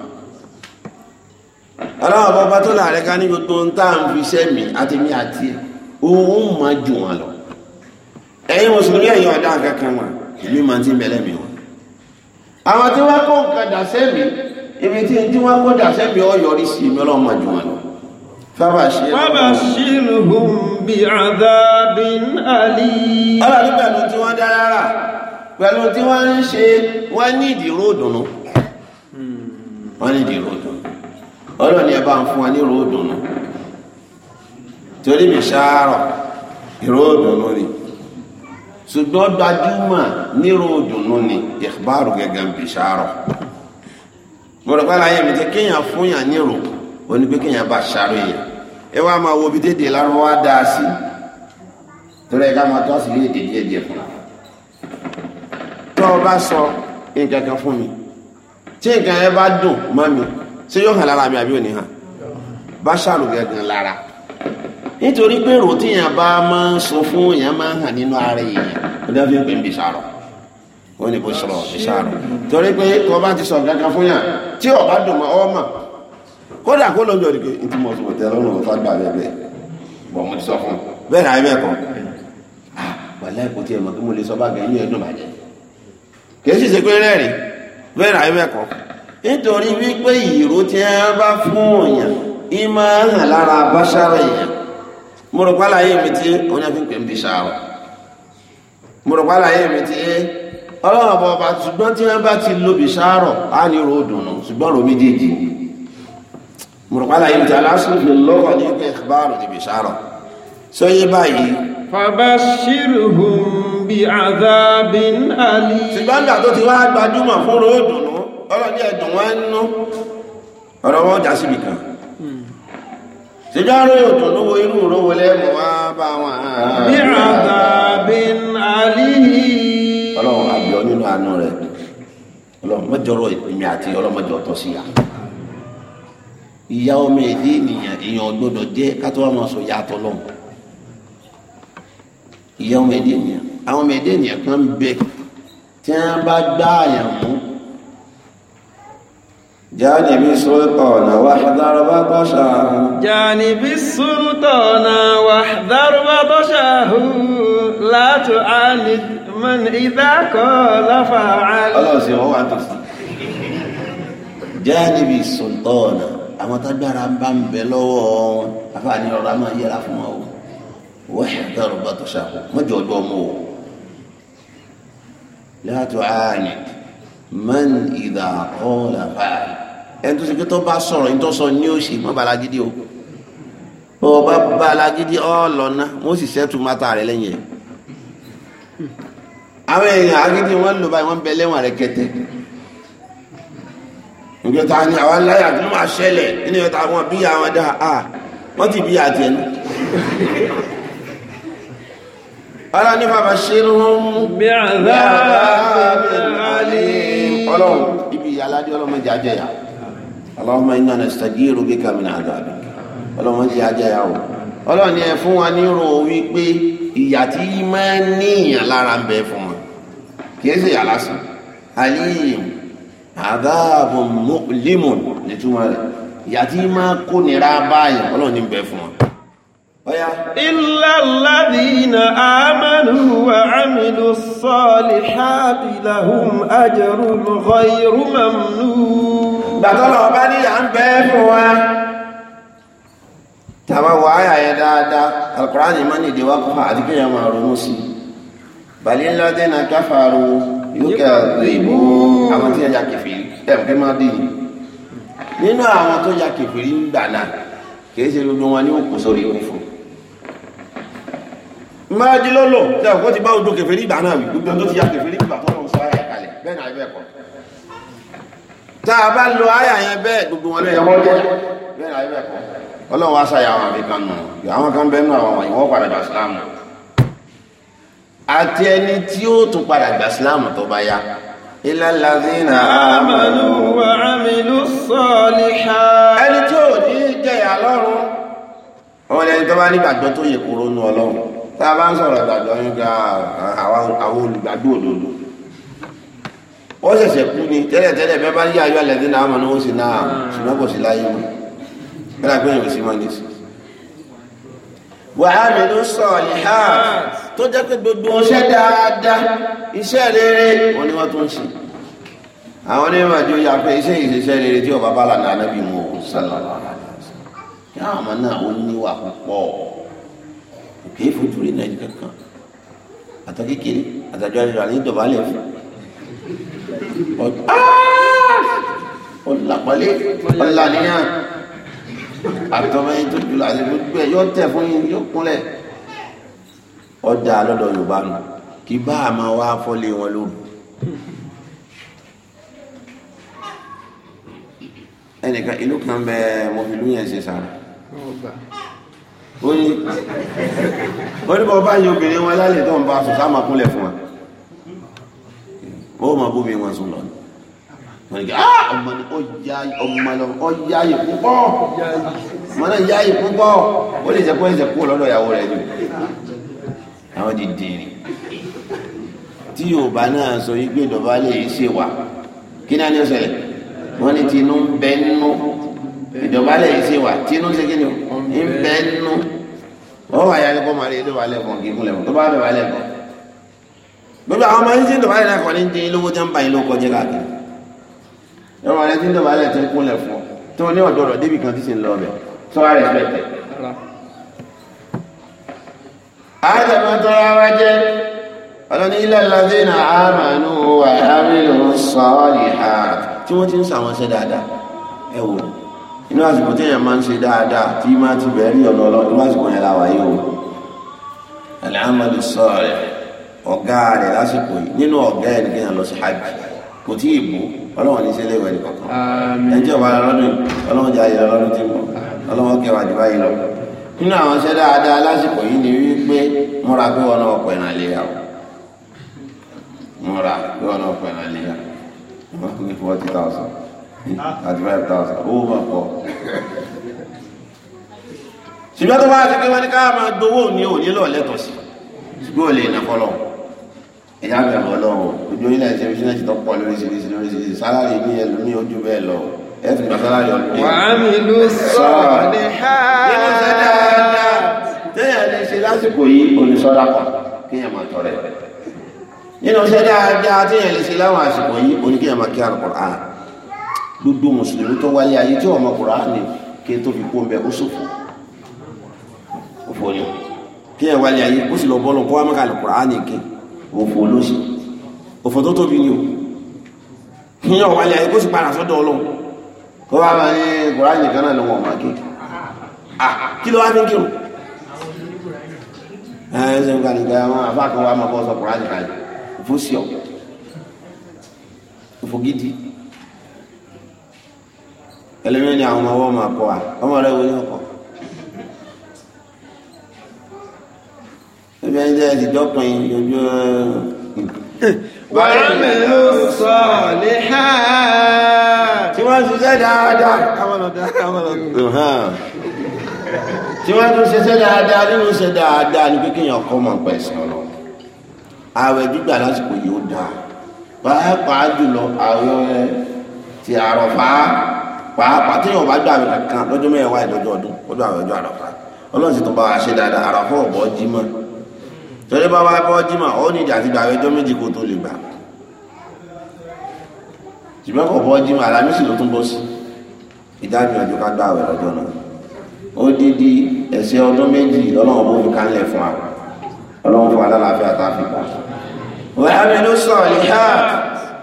aláwọ̀ bàbá tó láàrẹ ká ní gbogbo ń tá à ń fi sẹ́mi àti mi àti òun ó máa jù wọn lọ ẹ̀yin mùsùlùmí ẹ̀yin ọ̀dá kankan wọn èmi máa ti mẹ́lẹ̀ mi wọn. àwọn tí wọ́n kó nǹkan dà sẹ́mi ibi tí tí wọ́n kó dà sẹ́mi ó yọrí sí mi ọlọ́run máa jù wọn lọ. fábà ṣe é. fábà ṣe é hùm bí àdábìn àlì. ọlọ́run pẹ̀lú tí wọ́n dá rárá pẹ̀lú tí wọ́n ń ṣe wọ́n ní ìdí róòdù ọlọ́run ni ẹ bá ń fún wa ní ìró ìdùnnú torí mi ṣáárọ̀ ìró ìdùnnú ni ṣùgbọ́n gbajúmọ̀ ní ìró ìdùnnú ni ìbáàrù gẹ́gẹ́ bí ṣáárọ̀ gbọ́dọ̀ pàlà yẹn mi jẹ́ kéèyàn fún yàn ní ìró ó ní pé kéèyàn bá ṣàrò èèyàn ẹ wá máa wo bí dédé lárúbáwá dáa sí torí ẹ ká máa tọ́ sí ilé èdè díẹ̀ fún wa tọ́ ọ bá sọ nǹkan kan fún mi tí nǹkan yẹn bá dùn mọ́ mi ṣé yóò hàn lára mi àbí òní hàn bá ṣàlù gẹ̀gàn lára nítorí pé èrò tíyàn bá máa ń sọ fún èèyàn máa ń hàn nínú ara èèyàn ó dábí pé ń bí sàrọ̀ ó ní bó sọ̀rọ̀ bí sàrọ̀ torí pé tó bá ti sọ gángan fún yàn tí ọba dùn mọ́ ọ mà kódà kó lóun jọ rí pé ntí mo tẹ lọ́rùn ọ̀fà gbà bẹ́ẹ̀ bẹ́ẹ̀ mo ti sọ fún un bẹ́ẹ̀ náà bẹ́ẹ̀ kọ́ ah, wàlẹ́ kò tiẹ̀ mọ̀ kí mo lè sọ bá gẹ̀ yín ẹ̀dùn bàjẹ́ kì sì ṣe pé rẹ́ẹ̀rì bẹ́ẹ̀ náà bẹ́ẹ̀ kọ́ nítorí wípé ìró tí wọ́n bá fún òyàn ìmọ̀ hàn lára báṣára èèyàn mo rò pálá yé mi tí oní fi ń pè ń bí ṣáà mo rò pálá yé mi tí ọlọ́run ọba ọba ṣùgbọ́n tí wọ́n bá ti lo bí á ní ro dùnú ṣùgbọ́n ro méjèèjì mo rò pálá yé mi tí aláṣù lè lọ́wọ́ ní ẹgbẹ́ ìbáàrò ní bí sọ yé báyìí. fàbáṣírùhùn bí àzábìn àlì. ṣùgbọ́n nígbà tó ti wá gbajúmọ̀ fún ròdùn ọlọ́ni ẹ̀dùn wọn ń nú ọ̀rọ̀ wọn já síbi kan ṣèjọ́ aróyè òtún lówó irú rówó lẹ́mọ̀ wá bá wọn. bí ràdà bin ali. ọlọ́run àbíọ́ nínú àánú rẹ̀ ọlọ́run mọ́jọ́rọ̀ èmi àti ọlọ́mọjọ́ tọ́ sí ya ìyá ọmọ èdè ènìyàn tí wọn bá gbá mú جانب السلطان واحذر بطشه جانب السلطان واحذر بطشه لا تعاند من إذا قال فعل خلاص يا هو عندك جانب السلطان àwọn tágbára ń bá ń bẹ lọ́wọ́ wọn afáàní ọ̀rọ̀ a máa yẹra fún wọn o wọ́n ṣàtàrọ̀ bá tó ṣàkó mọ́jọ ọdún ọmọ o látọ̀ ààyè man ìdà kọ́ làbáyé ẹni tó ṣe pé tó bá sọ̀rọ̀ ní tó sọ ní òṣè mọ́ balagidi o bọ́ bá balagidi ọ̀lọ́nà wọ́n sì ṣẹ́tù mátà rẹ̀ lẹ́yìn ẹ̀ àwọn èèyàn agídí wọn lò báyìí wọn bẹ lẹ́wọ̀n rẹ̀ kẹtẹ nígbà tá a ní àwọn aláya tó máa ṣẹlẹ̀ nínú ìyọta àwọn bí àwọn dá a wọ́n ti bí àti ẹnu ọlọ́run ní bàbá ṣerú bí àgbà bí àlè ọlọ́run ibi ìyá aládé ọlọ́mọdé ajẹ́yà Allahumma inna nastajiru bika min adhabik ọlọ́mọ ti ajá ya o ọlọ́run ni ẹ fún wa ní ro wípé ìyà tí máa ń níyàn lára ń bẹ fún wa kìí ṣe ìyà lásán aliyim adhabun mu'limun nítumọ̀ rẹ̀ ìyà tí máa kó nira báyìí ọlọ́run ní bẹ fún wa. Ọya. Illa alladhina amanu wa amilu salihati lahum gbàtọ́lọ̀ ọba ní à ń bẹ fún wa tàbá wà áyà yẹn dáadáa alukur'an yìí máa ń dìde wá kó fà àti kéèyàn máa ronú sí bàlí ńlá dẹ́nà káfàárò yókè ìbò àwọn tí yẹn ya kẹfìrí ẹ̀fẹ́ máa dì nínú àwọn tó ya kẹfìrí ń gbà náà kì í ṣe gbogbo wọn ní òkú sórí orí fún máa jí lọ́lọ́ tí àwọn kan ti bá odò kẹfìrí gbà náà wí tó ti ya kẹfìrí gbà tó lọ sọ ayà kalẹ̀ bẹ́ẹ̀ náà ibẹ̀ kọ́ tá a bá lo àyà yẹn bẹ́ẹ̀ gbogbo wọn lẹ́yìn ọmọ jẹ́ bẹ́ẹ̀ láyé bẹ́ẹ̀ kọ́ ọlọ́run wá sáyà àwọn àbí kan nù àwọn kan bẹ́ẹ̀ nù àwọn wọ̀nyí padà gba sílámù àti ẹni tí ó tún padà gba sílámù tó bá yá ilẹ̀ lazina amanu wa amilu salihat ẹni tí ò ní jẹyà lọ́rùn ọmọ ẹni tó bá ní gbàgbọ́ tó yẹ kúrò nù ọlọ́run tá a bá ń sọ̀rọ̀ gbàgbọ́ yín ó ṣẹ̀ṣẹ̀ kú ni tẹ́lẹ̀tẹ́lẹ̀ bẹ́ẹ̀ bá yíyá ayọ́ alẹ́dínlá àmọ́ ní ó sì náà ṣùgbọ́n kò sí láyé wọn bẹ́ẹ̀ gbé ìwé sí máa ní sí. wàhálà ló sọ ọ̀lẹ́hà tó jẹ́ pé gbogbo iṣẹ́ dáadáa iṣẹ́ rere wọn ni wọ́n tún ṣe àwọn onímọ̀ àti oyè afẹ́ iṣẹ́ ìṣiṣẹ́ rere tí ọba bá lànà ànábì mu sálàlá kí àwọn náà ó níwà púpọ̀ òkè fojú rẹ̀ náà kankan àtọ́ kékeré àtàjọ àjọ àní ìdọ̀bálẹ̀ fún ọ̀làpọ̀lé ọ̀làníyàn àtọ́mọyìn tó jùlọ àti gbogbo ẹ̀ yóò tẹ̀ fún yín yóò kúnlẹ̀ ọjà lọ́dọ̀ Yorùbá nù kí bá a máa wá fọ́lé wọn lóru ẹnìkan ìlú kan bẹ mọ̀fìlú yẹn ṣe sára ó ní bọ́ bá yín obìnrin wọn lálẹ́ tó ń bá sùn ká máa kúnlẹ̀ fún wa wọ́n máa bómi wọn sùn lọ ni wọ́n ní kí ah, ọmọ ni ọ̀yá ọmọ lọ ọ̀yá yìí púpọ̀ ọmọ náà yá yìí púpọ̀ ó lè jẹ́ pé ẹ̀jẹ̀ kúrò lọ́dọ̀ ìyàwó rẹ̀ jù àwọn ti dìrì tí Yorùbá náà sọ yí pé ìjọba lè ṣe wà kí náà ní ó ṣẹlẹ̀ wọ́n ní tinú ń bẹ nínú ìjọba lè ṣe wà tinú ṣe kí ni ń bẹ nínú wọ́n wà yálẹ́kọ́ máa rí ẹjọ́ wà lẹ́kọ̀ọ́ kí kúnlẹ̀ mọ́ tó bá bẹ̀ wà lẹ́kọ̀ọ́ gbogbo àwọn ọmọ yín tí ń dọ̀bálẹ̀ náà kọ́ ní dín lówó jẹ́ ń ba ìlú ọkọ̀ jẹ́ káàkiri ẹ̀rọ rẹ tí ń dọ̀bálẹ̀ tí ń kúnlẹ̀ fún ọ tó ní ọ̀dọ́ rọ̀ débì kan tí sì ń lọ ọbẹ̀ tó wà rẹ̀ pẹ̀tẹ̀. àádọ́gbọ́n tó rà wá jẹ́ ọlọ́ni ilẹ̀ lọ́dẹ́ iná àmàánú wà ámìlú sọ́ọ̀lì ha tí wọ́n ti ń sàwọn ṣe dáadáa inú àsìkò tí èèyàn máa ń ṣe dáadáa tí máa ti bẹ̀rẹ̀ ní ọ̀dọ́ inú àsìkò yẹn la wáyé o ọ̀gá rẹ̀ lásìkò yìí nínú ọ̀gá ẹ̀ nìkan lọ sí hajj kò tí ì bò ọlọ́run ní sílé ìwẹ̀ nìkan ẹjọ́ lọ́dún ọlọ́run jẹ́ ayẹyẹ lọ́dún tí kẹwàá jù báyìí lọ. nínú àwọn iṣẹ́ dáadáa lásìkò ni wípé múra pé wọn náà o múra pé wọn náà ti wọn ẹ̀yà bẹ̀rù ọlọ́run ojú yín náà ṣe fi ṣíṣe tó pọ̀ lóríṣiríṣi lóríṣiríṣi sálárì ní ẹlòmíì ojú bẹ́ẹ̀ lọ ẹ tún gba sálárì ọ̀dọ́. wàhámi ló sọ ní ha. nínú ṣe lásìkò yìí oníṣọ́dá kan kéèyàn máa tọrẹ. nínú sẹ́ dáadáa téèyàn ṣe láwọn àsìkò yìí oníkéèyàn máa kí Al-Qur'an gbogbo mùsùlùmí tó wálé ayé tí ọmọ Kùránì ní kí ẹ wálé ayé kó òfò olóṣì òfò tó tóbi ni o yíyan wà ní ayé kó sì padà sọ́dọ̀ ọlọ́run kó wá máa ní kòrá nìkan náà ni wọn máa kéèkì ah kí ló wá fi ń kírun ẹ ẹ ṣe ń gbà nìkan àwọn àbá kan wá máa bọ́ sọ kòrá nìkan yìí òfò sí ọ òfò gidi ẹlẹ́mìí ni àwọn ọmọ ọmọ àkọ́ ọmọ rẹ wo ni ọkọ̀ bẹ́ẹ̀ ti dọ́pin ojú wàlámẹ́lú sọ lè ha tí wọ́n ṣiṣẹ́ dáadáa uh-huh. tí wọ́n tún ṣiṣẹ́ dáadáa nínú ṣe dáadáa ní kíkìyàn ọkọ̀ mọ̀ pẹ̀sẹ̀ ọ̀rọ̀ ààwẹ̀ gbígbà lásìkò yóò dáa pàápàá jùlọ ààwẹ̀ ti àrọ̀fá pàápàá tí yóò bá gbà mí kankan lọ́jọ́ mẹ́wàá ìdọ́jọ́ ọdún ọdún àwẹ̀ ọjọ́ àrọ̀fá ọlọ́run sì tún bá wa ṣe dáadáa àrọ̀fá ọ̀bọ̀ jí mọ́ torí bá wá kọ́ jímọ̀ ó ní ìdí àti gbà ẹjọ́ méjì kó tó lè gbà ṣùgbọ́n kò bọ́ jímọ̀ alámísì ló tún bọ́ sí ìdájú àjò ká gbà àwẹ̀ lọ́jọ́ náà ó dídí ẹ̀sẹ̀ ọdún méjì lọ́lọ́wọ́ bó fi kánlẹ̀ fún wa ọlọ́wọ́ fún alálàáfíà tá a fi gbà. wàá mi ló sọ ìhà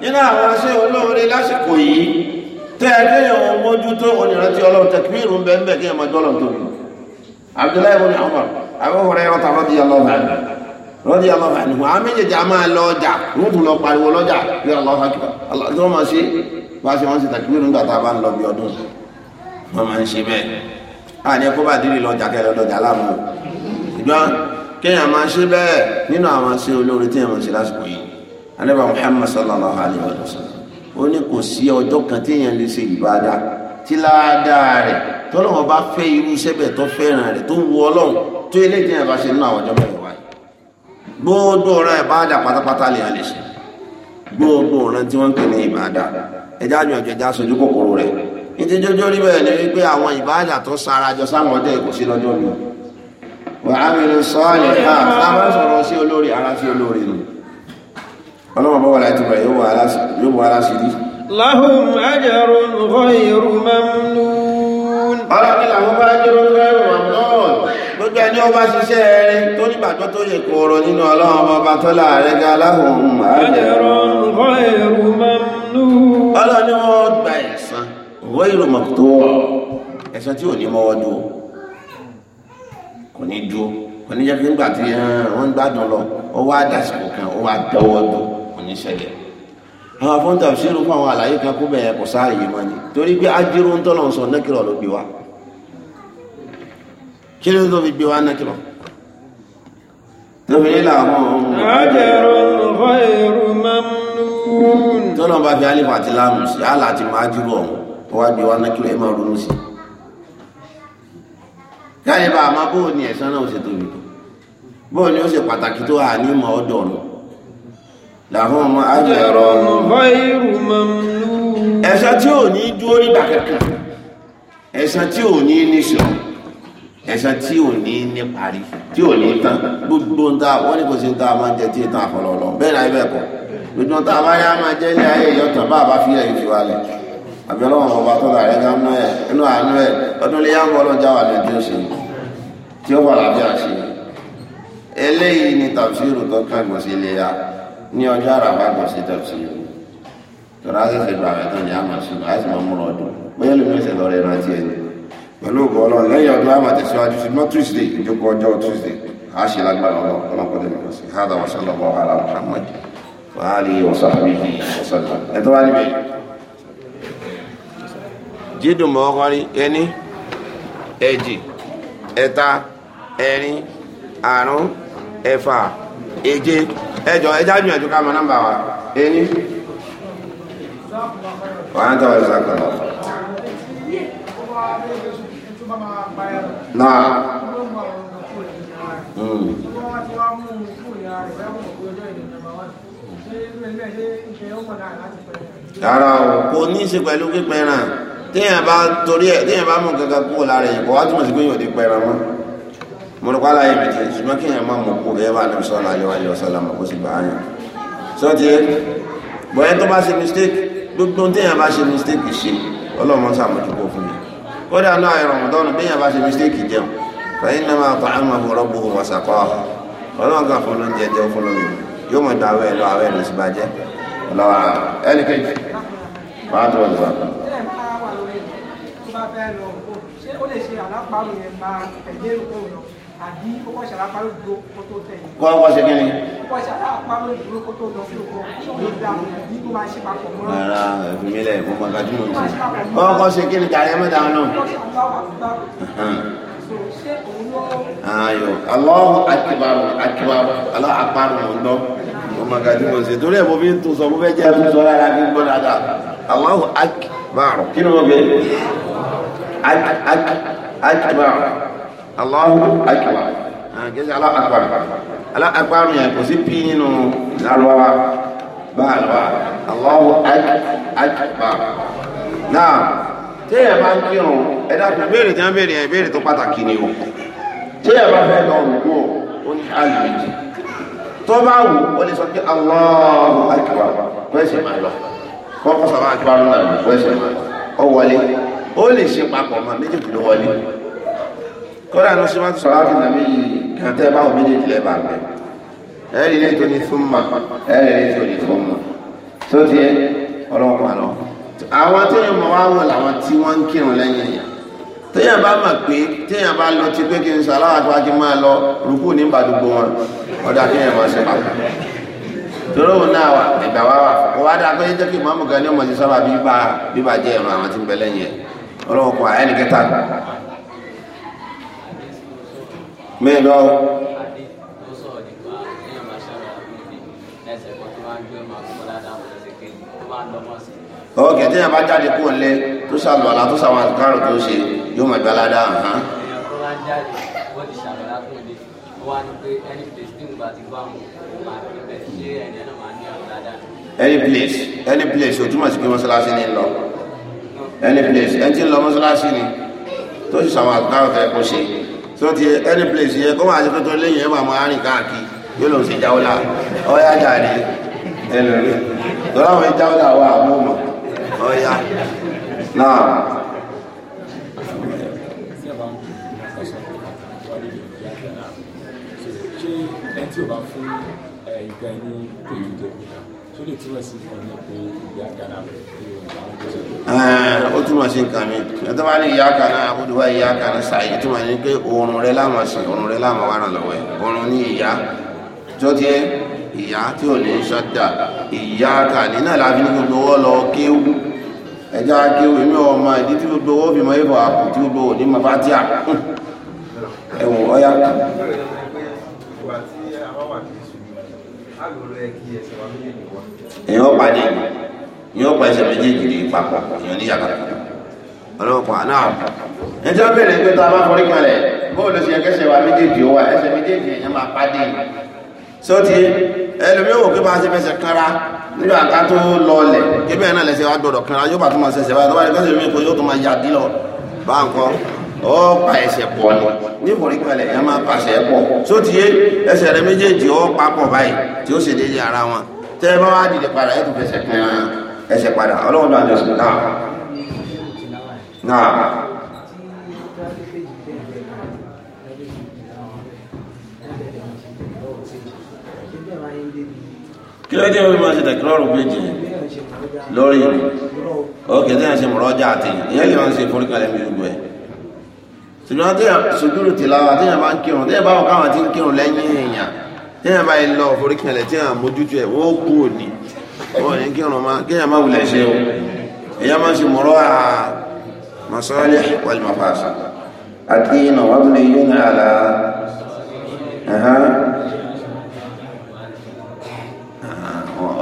nínú àwọn aṣẹ olóore lásìkò yìí tẹ́ ẹ tẹ́ ìwọ̀n mójútó onírànti ọlọ́run tẹ̀kímìrì ń bẹ́ẹ̀ bẹ́ẹ̀ kí ẹ máa jọ́ lọ́n tóbi Abdullahi ibn Umar Abu Hurairah radiyallahu anhu rọ́dí aláwọ̀ àníhù àmìjẹjẹ a máa lọ ọjà wọ́n tún lọ pariwo lọ́jà bí aláwọ̀ àkíkà tí wọ́n máa ṣe bá ṣe wọ́n ṣe tàkìlú nígbà tá a bá ń lọ bí ọdún wọ́n máa ń ṣe bẹ́ẹ̀ a ní kó bá dìrì lọ́jà kẹrẹ lọ́jà láàmú ìgbọ́n kéèyàn máa ṣe bẹ́ẹ̀ nínú àwọn ṣe olóore tí èèyàn ṣe lásìkò yìí anábà Muhammad sallallahu alayhi wa sallam ó ní kò sí ọjọ́ kan tí èèyàn lè ṣe ìbádà tí ládàá rẹ̀ tọ́lọ́wọ́n bá fẹ́ irú iṣẹ́ bẹ́ẹ̀ tó fẹ́ràn rẹ̀ tó wu Ọlọ́run tó eléyìí tí èèyàn bá ṣe nínú àwọn ọjọ́ gbogbo ọ̀ràn ìbáàdà pátápátá lè a lè ṣe gbogbo ọ̀ràn tí wọ́n ń pè ní ìbáàdà ẹja àjọ ẹja aṣojú kòkòrò rẹ̀ ní ti rí bẹ́ẹ̀ sara sáwọn sí lọ́jọ́ mi wà á mi lè sọ sọ̀rọ̀ sí olórí ara sí olórí ọlọ́wọ́n láti bẹ̀rẹ̀ yóò wọ ara sí rí. lahum gbé ẹni ọba ṣiṣẹ́ rẹ tó nígbàgbọ́ tó yẹ kòrò nínú ọlọ́run ọba tó láàrẹ ga láhùn àjẹrán ghayru mamnun ọlọ́run ni wọ́n gba ẹ̀san ghayru maktuh ẹ̀san tí ò ní mọ́wọ́ kò ní dúró kò ní jẹ́ pé eh, ń gbádùn kí ló tó fi gbé wa ná kìlọ̀ tóbi nílà àwọn ọmọ tó lọ bá fi alifu àti láàmù sí aláti máa jùlọ ọ̀hún tó wá gbé wa ná kìlọ̀ ẹ máa ronú sí káyẹ̀ bá a máa bóò ní ẹ̀sán náà ó ṣe tóbi pàtàkì tó hà ní ìmọ̀ ọ̀dọ̀ ọ̀run làwọn ọmọ ajẹ́rọ ẹ̀sán tí ò ní dúró nígbà kankan tí ò ní níṣọ́ ẹ̀san tí ò ní ní parí tí ò ní tán gbogbo ń ta wọ́n ní kò sí ń ta máa ń jẹ tí ìtàn àfọlọ́lọ́ bẹ́ẹ̀ náà ibẹ̀ kọ́ lójú ọ̀tá àbáyá máa jẹ́ ilé ayé ìyọ̀tàn bá àbá fi ẹ̀yìn fi wà lẹ̀ àbí ọlọ́wọ́n ọba tó là rẹ̀ gánú ẹ̀ inú àánú ẹ̀ ọdún ilé yàgò ọlọ́jà wà lójú ṣe tí ó wà lábẹ́ àṣẹ eléyìí ni tàbísírù tó kàn gbọ̀n sí ilé ya ní ọjọ́ àràbà gbọ̀n sí tàbísírù tọ́lá sì fi gbà rẹ̀ tán pẹ̀lú ògbọ́ ọlọ́run lẹ́yìn ọdún àmà tẹ̀síwájú ṣùgbọ́n tuesday ìjókòó ọjọ́ tuesday a ṣe lágbára ọlọ́run ọlọ́kọ̀ọ́ tẹ̀lé lọ sí hádà wàṣálọ́bọ̀ ara muhammad wàhálì wàṣálàbí wàṣálà ẹ̀tọ́ wá níbẹ̀. jídùn mọ́ ọkọrin ẹni ẹ̀jì ẹ̀ta ẹ̀rin àrún ẹ̀fà èje ẹ̀jọ ẹ̀já gbìyànjú ká mọ nọ́mbà wa ẹni. wàhálà tẹ̀wọ̀ ìṣàkóso náà hmm. rárá o kò ní í ṣe pẹ̀lú pípẹran téèyàn bá torí ẹ̀ téèyàn bá mú kankan kúrò lára èèyàn wá túmọ̀ sí pé yóò di pẹran mọ́ mo rò pálá ibi tí ṣùgbọ́n máa mọ̀ kúrò ẹ̀ bá ní sọ́la ayọ́ ayọ́ kó sì kódà náà ayọ̀ rọ̀mọ̀dọ́nù bí yàn bá ṣe mistake jẹun fa iná máa tọ́ àmọ́ fún rọ́bù wọn sàkọ́ ọlọ́run kan fún lóúnjẹ jẹ fún lómi yóò mọ̀ dáwọ́ ẹ̀ lọ àwọ̀ sí bá jẹ́ ọlọ́wà àbí kókó ṣe alápá lódò kó tó tẹ̀. kókó ṣe kí ni. kókó ṣe alápá lódò kó tó lọ sí òkú ló dá bí kó máa ṣe papọ̀ mọ́. rárá ẹ̀fín mi lẹ̀ kó máa kájú lórí. kókó ṣe kí ni kàrí ẹ̀ mẹ́ta náà. ayo Allahu akbar akbar Allahu akbar mọ̀ ń lọ kó máa kájú mọ̀ sí torí ẹ̀ mo fi ń tún sọ mo fẹ́ jẹ́ ẹ̀ tún sọ rárá kí n gbọ́ dáadáa Allahu akbar kí ni mo fẹ́ akbar. Allahu akbar àgẹ́sẹ̀ ah, Allahu akbar Allahu akbar yẹn kò sí pí nínú lárúbáwá báàlúwà Allahu akbar náà téèyàn bá ń kírun ẹ dákun béèrè tí wọ́n béèrè yẹn béèrè tó pàtàkì ni o téèyàn bá fẹ́ lọ rùkú o ní àlùmíjì tó bá wù ó lè sọ pé Allahu akbar fẹ́ẹ̀sì máa lọ kọ́kọ́ sọ̀rọ̀ akbar náà fẹ́ẹ̀sì máa lọ ọ wọlé ó lè ṣe papọ̀ mọ́ méjèèjì ló wọlé. kọ́dà ní ṣe máa ti sọ̀rọ̀ àfihàn méjì kan tẹ́ báwọn méjèèjì bá gbẹ ẹ̀rí ilé tó ní súnmà ẹ̀rí ilé tó ní ma. tó ti ẹ ọlọ́pàá lọ. àwọn mọ̀ wá wọ̀ làwọn tí wọ́n ń kírun lẹ́yìn ẹ̀yà téèyàn bá mọ̀ pé téèyàn bá lọ ti pé kí n sọ máa lọ rúkú ní gbàdúgbò wọn ọ̀dà ṣe pàtó. náà wà wá mí lọ. ok tí yàrá bá jáde kúrò lé tó ṣàlùwàlà tó ṣàwọn àtúkárò tó ṣe yóò máa gba aládàá hàn. èèyàn tó wá jáde wọ́n ti ṣàlùwàlà tó lé wọ́n wá ní pé ẹni place tí mo bá ti bá wọn máa fi bẹ̀ ṣé ẹni náà máa ní àlùdádá. any place any place o túmọ̀ sí pé mọ́ṣáláṣí ni lọ any place ẹni tí ń lọ mọ́ṣáláṣí ni tó ṣe ṣàwọn àtúkárò tó kó ṣe tó ti ẹni place yẹ kó máa ṣe tó tó léyìn ẹ máa máa rìn káàkiri yóò lòun sí jáwọ́lá ọ̀yá jàre ẹlòmí tọ́lá àwọn jáwọ́lá wà àmúmọ̀ ọ̀yá náà. tí o bá fún ìgbà ẹni tó yìí jẹ kúta tó lè túmọ̀ sí ìkànnì pé ìgbà gánà rẹ̀ Eh, ó túmọ̀ sí nǹkan mi ẹ̀tọ́ bá ní ìyá kan náà àbúdú wá ìyá kan náà sàyè túmọ̀ ní pé oorun rẹ láwọn sìn oorun rẹ láwọn wà ràn lọ́wọ́ ẹ̀ oorun ní ìyá tó tiẹ̀ ìyá tí ò ní ṣọ́dà ìyá kan ní náà láfi ní gbogbo ọwọ́ lọ kéwú ẹ̀já kéwú èmi ọmọ ìdí tí gbogbo ọwọ́ fi mọ ìbọ̀ àpò tí gbogbo òní mọ bá tí à ẹ̀wọ̀n ọ̀yá kan. èèyàn pàdé yóò pa ẹsẹ̀ méjèèjì rí papọ̀ èèyàn ní yàrá ọlọ́pàá náà ẹjọ́ bẹ̀rẹ̀ pé tá a bá forí kalẹ̀ bóòlù ṣe ẹgẹ́sẹ̀ wa méjèèjì ó wà ẹsẹ̀ méjèèjì èèyàn máa pàdé sọ́tí ẹlòmí ò kí bá ṣe fẹsẹ̀ kára nígbà ká tó lọlẹ̀ kí bẹ́ẹ̀ náà lẹ́sẹ̀ wa gbọ́dọ̀ kára yóò bá tún máa ṣẹṣẹ̀ báyìí tó bá rí kọ́sẹ̀ mi kò yóò tún máa yà dí lọ bá nǹkan ó pa ẹsẹ̀ pọ̀ ni ní ìforíkalẹ̀ ẹ máa pàṣẹ pọ̀ sóti yé ẹsẹ̀ rẹ méjèèjì ó papọ̀ báyìí tí ó ṣe déédéé ara wọn tẹ́ ẹ bá wá dìde padà ẹ tún fẹsẹ̀ kan ẹsẹ̀ padà ọlọ́run náà jọsìn náà náà kí ló dé wípé máa ṣe tẹ̀kírọ́rù péjì lórí rẹ̀ ókè tí wọ́n ṣe mọ̀rọ̀ ọjà àti ìyẹn lè máa ṣe foríkalẹ̀ mi gbogbo ẹ̀ ṣùgbọ́n tí ṣùgbọ́n ti lára tí wọ́n bá ń kírun tí wọ́n bá wọn káwọn ti ń kírun lẹ́yìn èèyàn tí wọ́n bá ń lọ foríkalẹ̀ tí wọ́n mójútó ẹ̀ wọ́n kú òní wọn yẹn kí ma máa ya ma wulẹ̀ ṣe o èyàn ṣe masalih wal mafasid àti ìnà wà bìlẹ̀ yóò ní àlà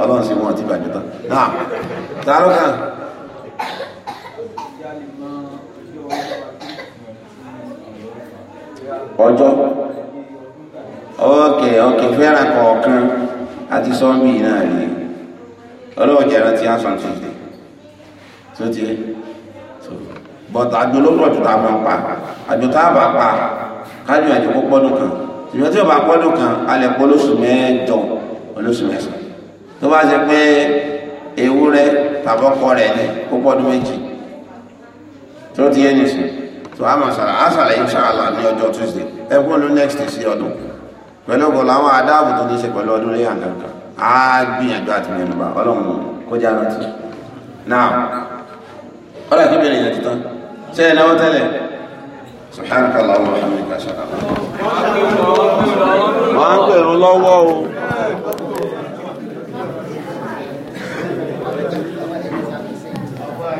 ọlọ́run sí wọn àti ìbàjẹ́ tán ọlọ́wọ́ jẹ́ rántí aṣọ àtúntì tó ti ẹ́ but àjò ló pọ̀ jù tá a máa pa àjò tá a bá pa kájú àjò kó pọ́dún kan ṣùgbọ́n tí o bá pọ́dún kan a lè pọ́ lóṣù mẹ́jọ olóṣù mẹ́sàn tó bá ṣe pé ewúrẹ́ tàbọ́kọ rẹ̀ ni kó pọ́dún méjì tó ti ẹ́ nìṣẹ́ tó a máa ṣàlàyé a ṣàlàyé ṣàlà ní ọjọ́ Tuesday ẹ kún ló next sí ọdún pẹ̀lú ọgọ́ làwọn adáàbò tó ní ṣe pẹ̀lú ọdún lẹ́yìn àgbà á gbìyànjú àti mẹ́nuba ọlọ́run kọjá rántí náà ọlọ́run kí bẹ̀rẹ̀ yẹn ti ṣe é náwó tẹ́lẹ̀ subhanaka allahumma wa hamdika ṣe àkàlà.